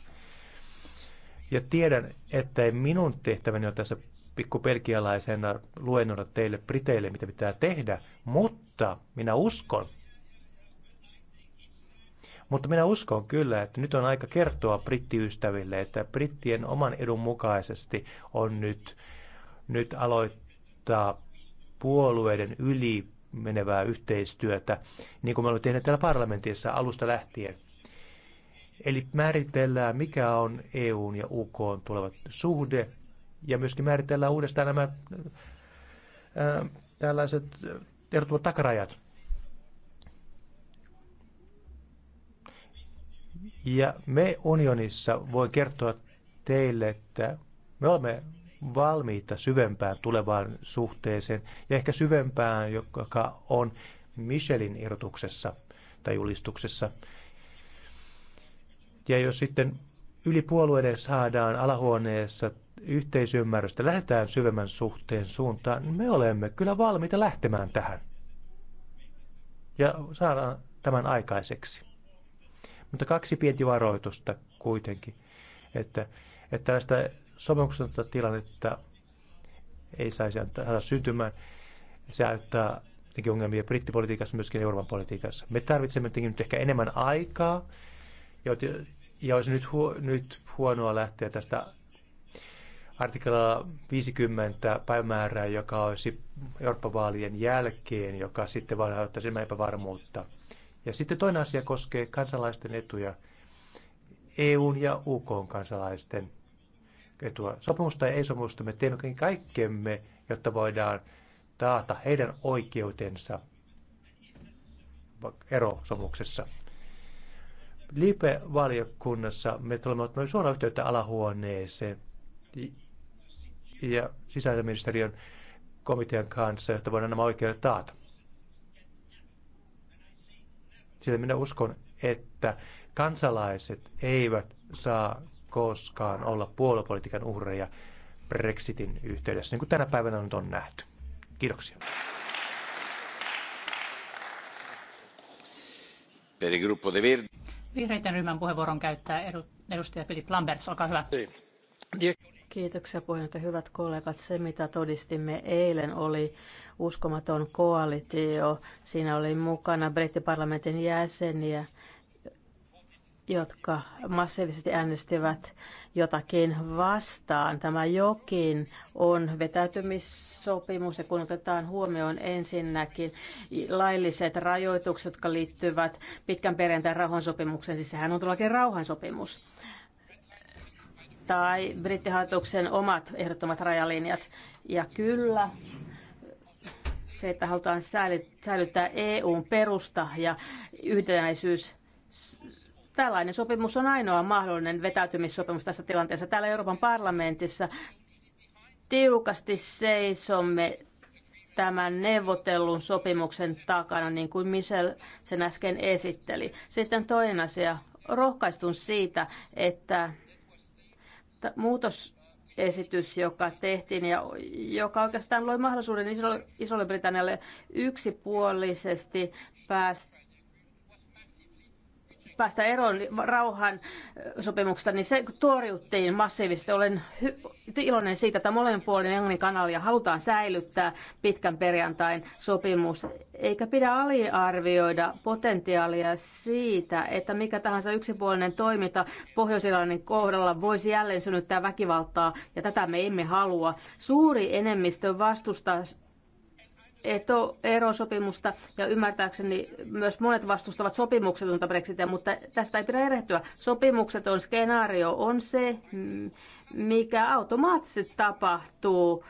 Ja tiedän, että minun tehtäväni on tässä pikku pelkialaisena luennoida teille Briteille, mitä pitää tehdä, mutta minä uskon, mutta minä uskon kyllä, että nyt on aika kertoa brittiystäville, että brittien oman edun mukaisesti on nyt, nyt aloittaa puolueiden yli menevää yhteistyötä, niin kuin me olemme tehneet täällä parlamentissa alusta lähtien. Eli määritellään, mikä on EUn ja UK tulevat suhde ja myöskin määritellään uudestaan nämä ää, tällaiset ehdottomat takarajat. Ja me unionissa voi kertoa teille, että me olemme valmiita syvempään tulevaan suhteeseen ja ehkä syvempään, joka on Michelin irtuksessa tai julistuksessa. Ja jos sitten yli puolueiden saadaan alahuoneessa yhteisymmärrystä, lähdetään syvemmän suhteen suuntaan, niin me olemme kyllä valmiita lähtemään tähän. Ja saadaan tämän aikaiseksi. Mutta kaksi pientä varoitusta kuitenkin, että, että tällaista sopimuksetonta tilannetta ei saisi antaa syntymään. Se aiheuttaa ongelmia brittipolitiikassa, myöskin Euroopan politiikassa. Me tarvitsemme nyt ehkä enemmän aikaa, ja olisi nyt, huo, nyt huonoa lähteä tästä artikla 50 päivämäärää, joka olisi Euroopan vaalien jälkeen, joka sitten vaan aiheuttaisi epävarmuutta. Ja sitten toinen asia koskee kansalaisten etuja, EUn ja UKn kansalaisten etua. Sopimusta ja ei-sopimusta me teemme kaikkemme, jotta voidaan taata heidän oikeutensa erosopimuksessa. Lipe-valiokunnassa me tulemme ottamaan suoraan yhteyttä alahuoneeseen ja sisäministeriön komitean kanssa, jotta voidaan nämä oikeudet taata. Sillä minä uskon, että kansalaiset eivät saa koskaan olla puoluepolitiikan uhreja Brexitin yhteydessä, niin kuin tänä päivänä nyt on nähty. Kiitoksia. Per il gruppo de Verdi. Vihreiden ryhmän puheenvuoron käyttää edustaja Philip Lamberts, olkaa hyvä. Niin. Kiitoksia puheenjohtaja. Hyvät kollegat, se mitä todistimme eilen oli uskomaton koalitio. Siinä oli mukana brittiparlamentin jäseniä jotka massiivisesti äänestivät jotakin vastaan. Tämä jokin on vetäytymissopimus ja kun otetaan huomioon ensinnäkin lailliset rajoitukset, jotka liittyvät pitkän perjantain rauhansopimukseen, siis sehän on todellakin rauhansopimus tai brittihallituksen omat ehdottomat rajalinjat. Ja kyllä, se, että halutaan säilyttää EUn perusta ja yhtenäisyys Tällainen sopimus on ainoa mahdollinen vetäytymissopimus tässä tilanteessa. Täällä Euroopan parlamentissa tiukasti seisomme tämän neuvotellun sopimuksen takana, niin kuin Michel sen äsken esitteli. Sitten toinen asia. Rohkaistun siitä, että muutosesitys, joka tehtiin ja joka oikeastaan loi mahdollisuuden Isolle-Britannialle yksipuolisesti päästä päästä eroon rauhan sopimuksesta, niin se torjuttiin massiivisesti. Olen iloinen siitä, että puolin englannin kanalia halutaan säilyttää pitkän perjantain sopimus, eikä pidä aliarvioida potentiaalia siitä, että mikä tahansa yksipuolinen toiminta pohjois kohdalla voisi jälleen synnyttää väkivaltaa, ja tätä me emme halua. Suuri enemmistö vastustaa ero erosopimusta ja ymmärtääkseni myös monet vastustavat sopimuksetonta Brexitia, mutta tästä ei pidä erehtyä. Sopimukseton skenaario on se, mikä automaattisesti tapahtuu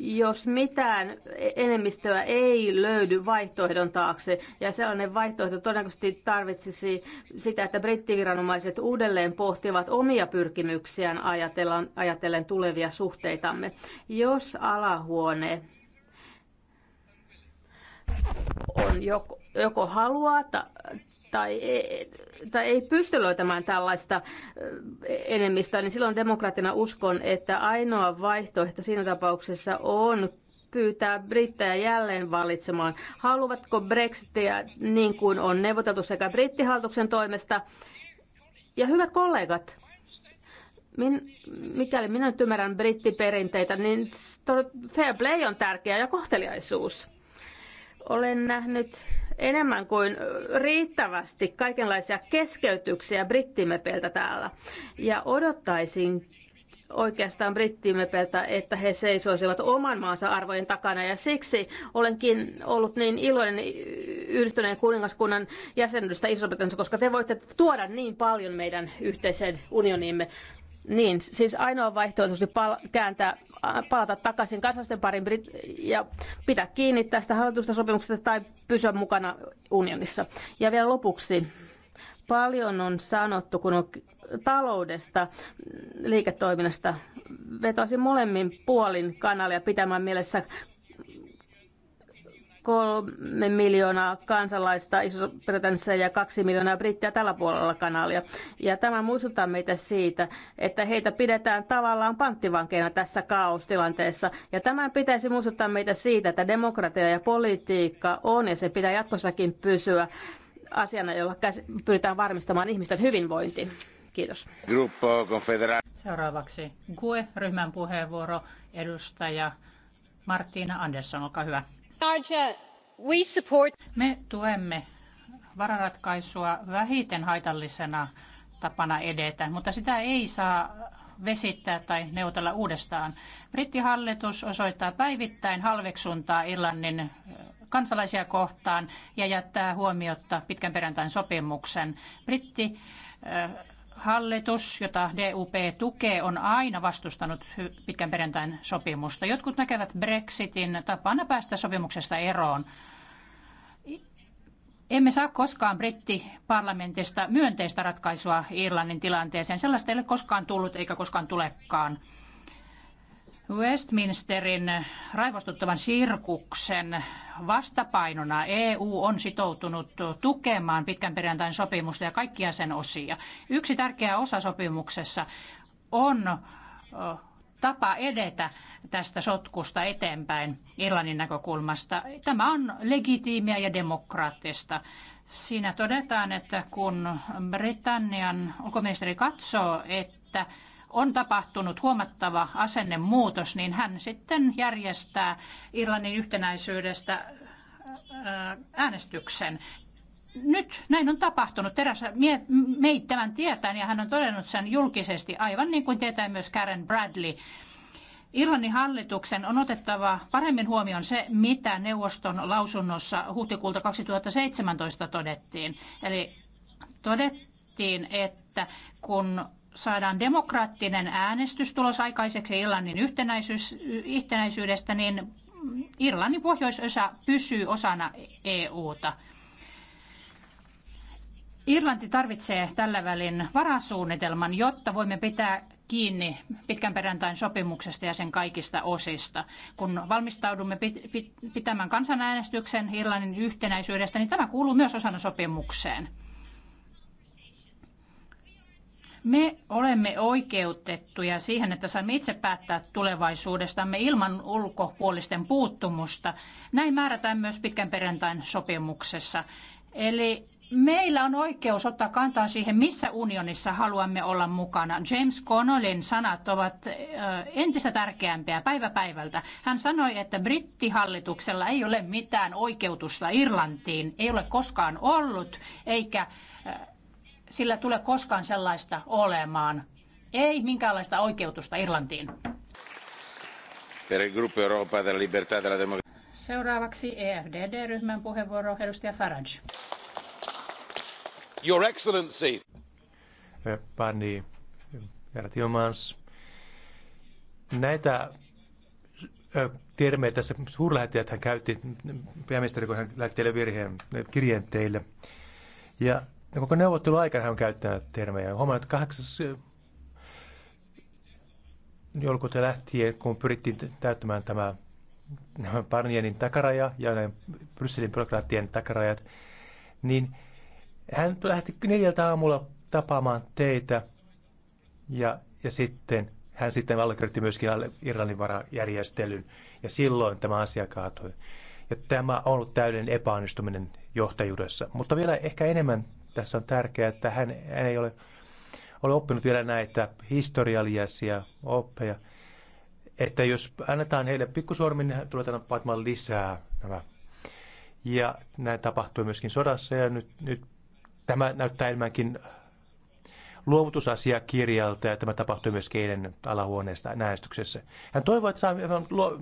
jos mitään enemmistöä ei löydy vaihtoehdon taakse, ja sellainen vaihtoehto todennäköisesti tarvitsisi sitä, että brittiviranomaiset uudelleen pohtivat omia pyrkimyksiään ajatellen, ajatellen tulevia suhteitamme. Jos alahuone on joko, joko haluaa ta, tai, ei, tai ei pysty löytämään tällaista enemmistöä, niin silloin demokraattina uskon, että ainoa vaihtoehto siinä tapauksessa on pyytää brittejä jälleen valitsemaan, haluavatko Brexitia niin kuin on neuvoteltu sekä brittihallituksen toimesta. Ja hyvät kollegat, min, mikäli minä nyt ymmärrän brittiperinteitä, niin fair play on tärkeää ja kohteliaisuus olen nähnyt enemmän kuin riittävästi kaikenlaisia keskeytyksiä brittimepeltä täällä. Ja odottaisin oikeastaan brittimepeltä, että he seisoisivat oman maansa arvojen takana. Ja siksi olenkin ollut niin iloinen yhdistyneen kuningaskunnan jäsenyydestä iso koska te voitte tuoda niin paljon meidän yhteiseen unioniimme. Niin, siis ainoa vaihtoehto on pal- kääntää, palata takaisin kansallisten parin ja pitää kiinni tästä hallitusta sopimuksesta tai pysyä mukana unionissa. Ja vielä lopuksi, paljon on sanottu, kun on taloudesta, liiketoiminnasta vetoisin molemmin puolin kanalia pitämään mielessä kolme miljoonaa kansalaista iso britannissa ja kaksi miljoonaa brittiä tällä puolella kanalia. Ja tämä muistuttaa meitä siitä, että heitä pidetään tavallaan panttivankeina tässä kaostilanteessa. Ja tämän pitäisi muistuttaa meitä siitä, että demokratia ja politiikka on ja se pitää jatkossakin pysyä asiana, jolla pyritään varmistamaan ihmisten hyvinvointi. Kiitos. Seuraavaksi GUE-ryhmän puheenvuoro edustaja Martina Andersson, olkaa hyvä. Me tuemme vararatkaisua vähiten haitallisena tapana edetä, mutta sitä ei saa vesittää tai neutella uudestaan. Brittihallitus osoittaa päivittäin halveksuntaa Irlannin kansalaisia kohtaan ja jättää huomiotta pitkän perjantain sopimuksen. Britti hallitus, jota DUP tukee, on aina vastustanut pitkän perjantain sopimusta. Jotkut näkevät Brexitin tapana päästä sopimuksesta eroon. Emme saa koskaan brittiparlamentista myönteistä ratkaisua Irlannin tilanteeseen. Sellaista ei ole koskaan tullut eikä koskaan tulekaan. Westminsterin raivostuttavan sirkuksen vastapainona EU on sitoutunut tukemaan pitkän perjantain sopimusta ja kaikkia sen osia. Yksi tärkeä osa sopimuksessa on tapa edetä tästä sotkusta eteenpäin Irlannin näkökulmasta. Tämä on legitiimiä ja demokraattista. Siinä todetaan, että kun Britannian ulkoministeri katsoo, että on tapahtunut huomattava asennemuutos, niin hän sitten järjestää Irlannin yhtenäisyydestä äh, äänestyksen. Nyt näin on tapahtunut. Terässä meit tämän tietää ja hän on todennut sen julkisesti, aivan niin kuin tietää myös Karen Bradley. Irlannin hallituksen on otettava paremmin huomioon se, mitä neuvoston lausunnossa huhtikuulta 2017 todettiin. Eli todettiin, että kun saadaan demokraattinen äänestystulos aikaiseksi Irlannin yhtenäisyys, yhtenäisyydestä, niin Irlannin pohjoisosa pysyy osana EUta. Irlanti tarvitsee tällä välin varasuunnitelman, jotta voimme pitää kiinni pitkän perjantain sopimuksesta ja sen kaikista osista. Kun valmistaudumme pitämään kansanäänestyksen Irlannin yhtenäisyydestä, niin tämä kuuluu myös osana sopimukseen. Me olemme oikeutettuja siihen, että saamme itse päättää tulevaisuudestamme ilman ulkopuolisten puuttumusta. Näin määrätään myös pitkän perjantain sopimuksessa. Eli meillä on oikeus ottaa kantaa siihen, missä unionissa haluamme olla mukana. James Connollin sanat ovat entistä tärkeämpiä päivä päivältä. Hän sanoi, että brittihallituksella ei ole mitään oikeutusta Irlantiin, ei ole koskaan ollut, eikä sillä tule koskaan sellaista olemaan. Ei minkäänlaista oikeutusta Irlantiin. E Seuraavaksi EFDD-ryhmän puheenvuoro edustaja Farage. Your Excellency. Pani, eh, herra Tiomans. Näitä termejä tässä suurlähettäjät hän käytti, pääministeri, kun hän lähti teille virheen kirjeen teille. Ja ja koko neuvottelu aikana hän on käyttänyt termejä. Huomaan, että 8. joulukuuta lähtien, kun pyrittiin täyttämään tämä parnienin takaraja ja Brysselin byrokraattien takarajat, niin hän lähti neljältä aamulla tapaamaan teitä ja, ja sitten hän sitten allekirjoitti myöskin Irlannin varajärjestelyn ja silloin tämä asia kaatui. Ja tämä on ollut täydellinen epäonnistuminen johtajuudessa. Mutta vielä ehkä enemmän tässä on tärkeää, että hän, hän ei ole, ole oppinut vielä näitä historiallisia oppeja. Että jos annetaan heille pikkusormin, niin tulee tänne paitamaan lisää nämä. Ja näin tapahtui myöskin sodassa ja nyt, nyt tämä näyttää enemmänkin luovutusasiakirjalta ja tämä tapahtui myöskin keiden alahuoneesta äänestyksessä. Hän toivoi, että saa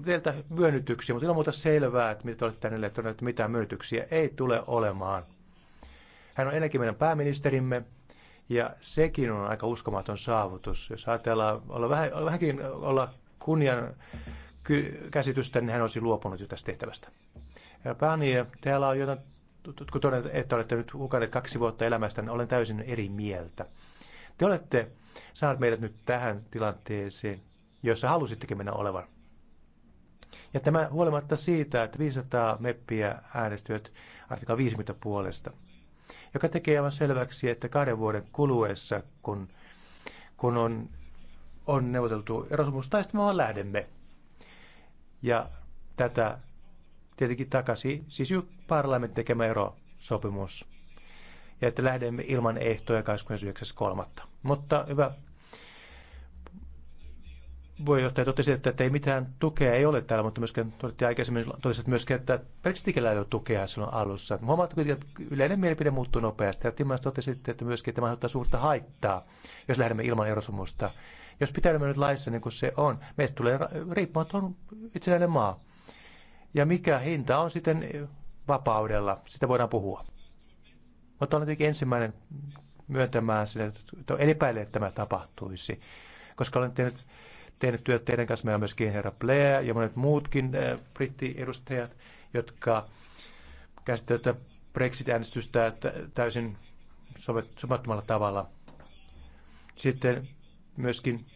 teiltä myönnytyksiä, mutta ilman muuta selvää, että mitä olette tänne että mitään myönnytyksiä ei tule olemaan. Hän on edelleenkin meidän pääministerimme, ja sekin on aika uskomaton saavutus. Jos ajatellaan, olla vähän, vähänkin olla kunnian käsitystä, niin hän olisi luopunut jo tästä tehtävästä. Ja Panie, täällä on jotain, kun todet, että olette nyt hukanneet kaksi vuotta elämästä, niin olen täysin eri mieltä. Te olette saaneet meidät nyt tähän tilanteeseen, jossa halusittekin mennä olevan. Ja tämä huolimatta siitä, että 500 meppiä äänestyöt artikla 50 puolesta – joka tekee aivan selväksi, että kahden vuoden kuluessa, kun, kun on, on neuvoteltu erosopimus, tai sitten me vaan lähdemme. Ja tätä tietenkin takaisin, siis parlamentti tekemä erosopimus. Ja että lähdemme ilman ehtoja 29.3. Mutta hyvä puheenjohtaja totesi, että, että ei mitään tukea ei ole täällä, mutta myöskin todettiin aikaisemmin totesi, myöskin, että Brexitillä ei ole tukea silloin alussa. Huomaatko, että yleinen mielipide muuttuu nopeasti. Ja Timmas totesi, että myöskin tämä aiheuttaa suurta haittaa, jos lähdemme ilman eurosumusta. Jos pitäydymme nyt laissa niin kuin se on, meistä tulee riippumaton itsenäinen maa. Ja mikä hinta on sitten vapaudella, sitä voidaan puhua. Mutta on tietenkin ensimmäinen myöntämään sille, että epäilee, että tämä tapahtuisi. Koska olen tehnyt tehnyt työtä teidän kanssa. Meillä on myöskin herra Blair ja monet muutkin eh, brittiedustajat, jotka käsittelevät Brexit-äänestystä täysin sovittamattomalla tavalla. Sitten myöskin,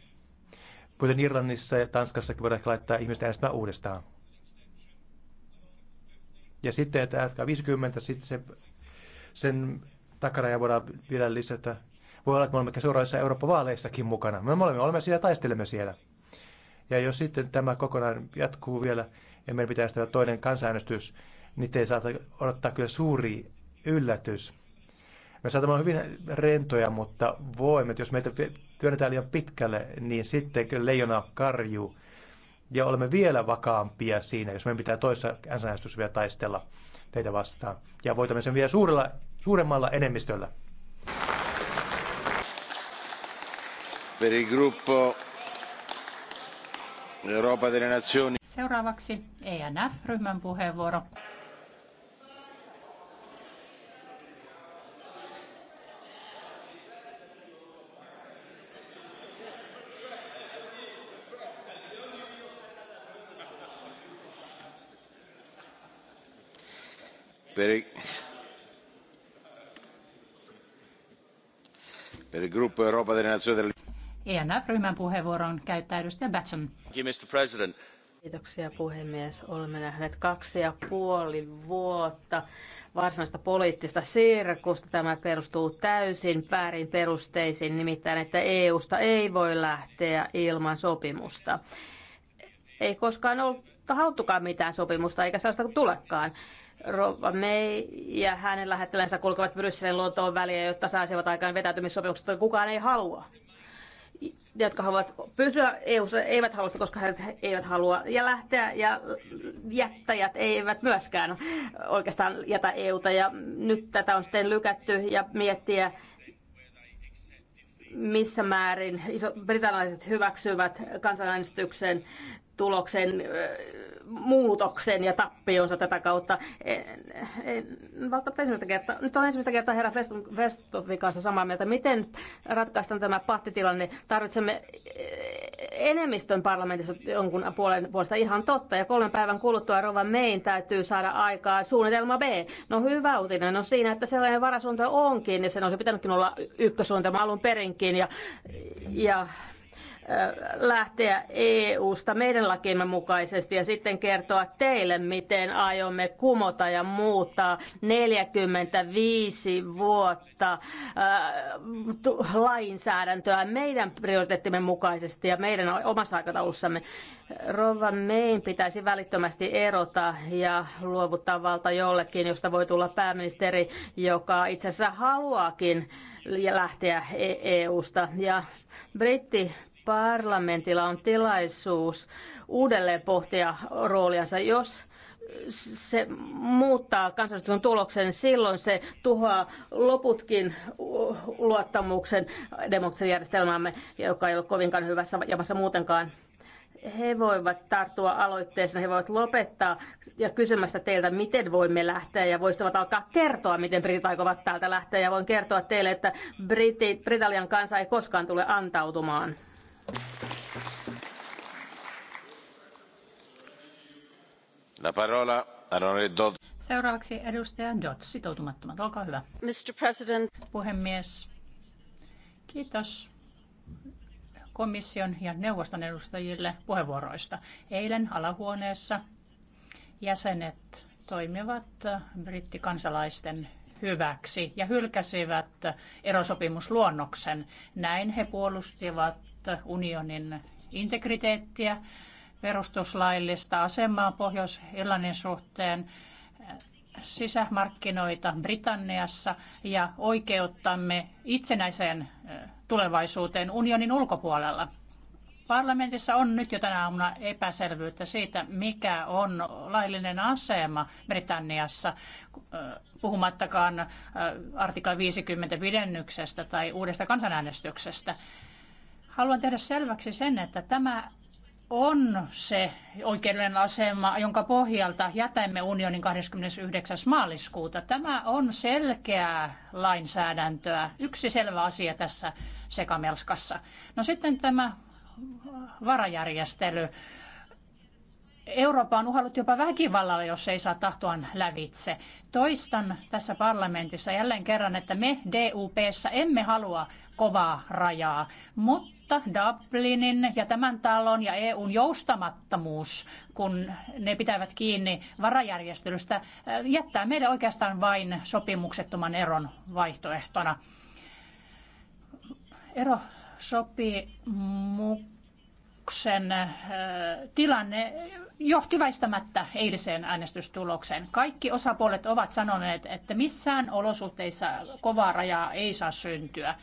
kuten Irlannissa ja Tanskassakin voidaan laittaa ihmiset äänestämään uudestaan. Ja sitten, että äätkää 50, sitten se, sen takaraja voidaan vielä lisätä. Voi olla, että me olemme seuraavissa Eurooppa-vaaleissakin mukana. Me olemme, olemme siellä, taistelemme siellä. Ja jos sitten tämä kokonaan jatkuu vielä ja meidän pitäisi tehdä toinen kansanäänestys, niin te saata odottaa kyllä suuri yllätys. Me saatamme olla hyvin rentoja, mutta voimme, jos meitä työnnetään liian pitkälle, niin sitten kyllä leijona karjuu. Ja olemme vielä vakaampia siinä, jos meidän pitää toisessa kansanäänestys vielä taistella teitä vastaan. Ja voitamme sen vielä suurella, suuremmalla enemmistöllä. Per il gruppo Seuraavaksi ENF-ryhmän puheenvuoro. Per, per il gruppo Europa delle Nazioni del ENF-ryhmän puheenvuoron käyttää edustaja Batson. Kiitoksia puhemies. Olemme nähneet kaksi ja puoli vuotta varsinaista poliittista sirkusta. Tämä perustuu täysin väärin perusteisiin, nimittäin että EUsta ei voi lähteä ilman sopimusta. Ei koskaan ollut haluttukaan mitään sopimusta, eikä sellaista tulekaan. Rova May ja hänen lähettilänsä kulkevat Brysselin luontoon väliä, jotta saisivat aikaan vetäytymissopimukset, joita kukaan ei halua jotka haluavat pysyä eu eivät halua sitä, koska he eivät halua ja lähteä, ja jättäjät eivät myöskään oikeastaan jätä EUta, ja nyt tätä on sitten lykätty ja miettiä, missä määrin iso, britannialaiset hyväksyvät kansanäänestyksen tuloksen muutoksen ja tappionsa tätä kautta. En, en, välttämättä ensimmäistä kertaa, nyt on ensimmäistä kertaa herra Westofin kanssa samaa mieltä, miten ratkaistaan tämä pattitilanne? Tarvitsemme enemmistön parlamentissa jonkun puolen puolesta ihan totta, ja kolmen päivän kuluttua Rova Mein täytyy saada aikaa suunnitelma B. No hyvä uutinen on no siinä, että sellainen varasuunta onkin, ja niin sen olisi pitänytkin olla ykkösuunnitelma alun perinkin, ja, ja lähteä EU-sta meidän lakimme mukaisesti ja sitten kertoa teille, miten aiomme kumota ja muuttaa 45 vuotta lainsäädäntöä meidän prioriteettimme mukaisesti ja meidän omassa aikataulussamme. Rova Mein pitäisi välittömästi erota ja luovuttaa valta jollekin, josta voi tulla pääministeri, joka itse asiassa haluaakin lähteä EU-sta. Ja britti parlamentilla on tilaisuus uudelleen pohtia rooliansa, jos se muuttaa kansallisen tuloksen, niin silloin se tuhoaa loputkin luottamuksen demokratian järjestelmäämme, joka ei ole kovinkaan hyvässä jamassa muutenkaan. He voivat tarttua aloitteeseen, he voivat lopettaa ja kysymästä teiltä, miten voimme lähteä ja voisivat alkaa kertoa, miten britit aikovat täältä lähteä. Ja voin kertoa teille, että Briti, Britannian kansa ei koskaan tule antautumaan. La Mr. President. Puhemies, kiitos komission ja neuvoston edustajille puheenvuoroista. Eilen alahuoneessa jäsenet toimivat brittikansalaisten hyväksi ja hylkäsivät erosopimusluonnoksen. Näin he puolustivat unionin integriteettiä, perustuslaillista asemaa Pohjois-Irlannin suhteen, sisämarkkinoita Britanniassa ja oikeuttamme itsenäiseen tulevaisuuteen unionin ulkopuolella. Parlamentissa on nyt jo tänä aamuna epäselvyyttä siitä, mikä on laillinen asema Britanniassa, puhumattakaan artikla 50 pidennyksestä tai uudesta kansanäänestyksestä. Haluan tehdä selväksi sen, että tämä on se oikeudellinen asema, jonka pohjalta jätämme unionin 29. maaliskuuta. Tämä on selkeää lainsäädäntöä. Yksi selvä asia tässä sekamelskassa. No sitten tämä varajärjestely. Eurooppa on uhallut jopa väkivallalla, jos ei saa tahtoaan lävitse. Toistan tässä parlamentissa jälleen kerran, että me DUPssä emme halua kovaa rajaa, mutta Dublinin ja tämän talon ja EUn joustamattomuus, kun ne pitävät kiinni varajärjestelystä, jättää meille oikeastaan vain sopimuksettoman eron vaihtoehtona. Ero sopimuksen äh, tilanne johti väistämättä eiliseen äänestystulokseen. Kaikki osapuolet ovat sanoneet, että missään olosuhteissa kovaa rajaa ei saa syntyä.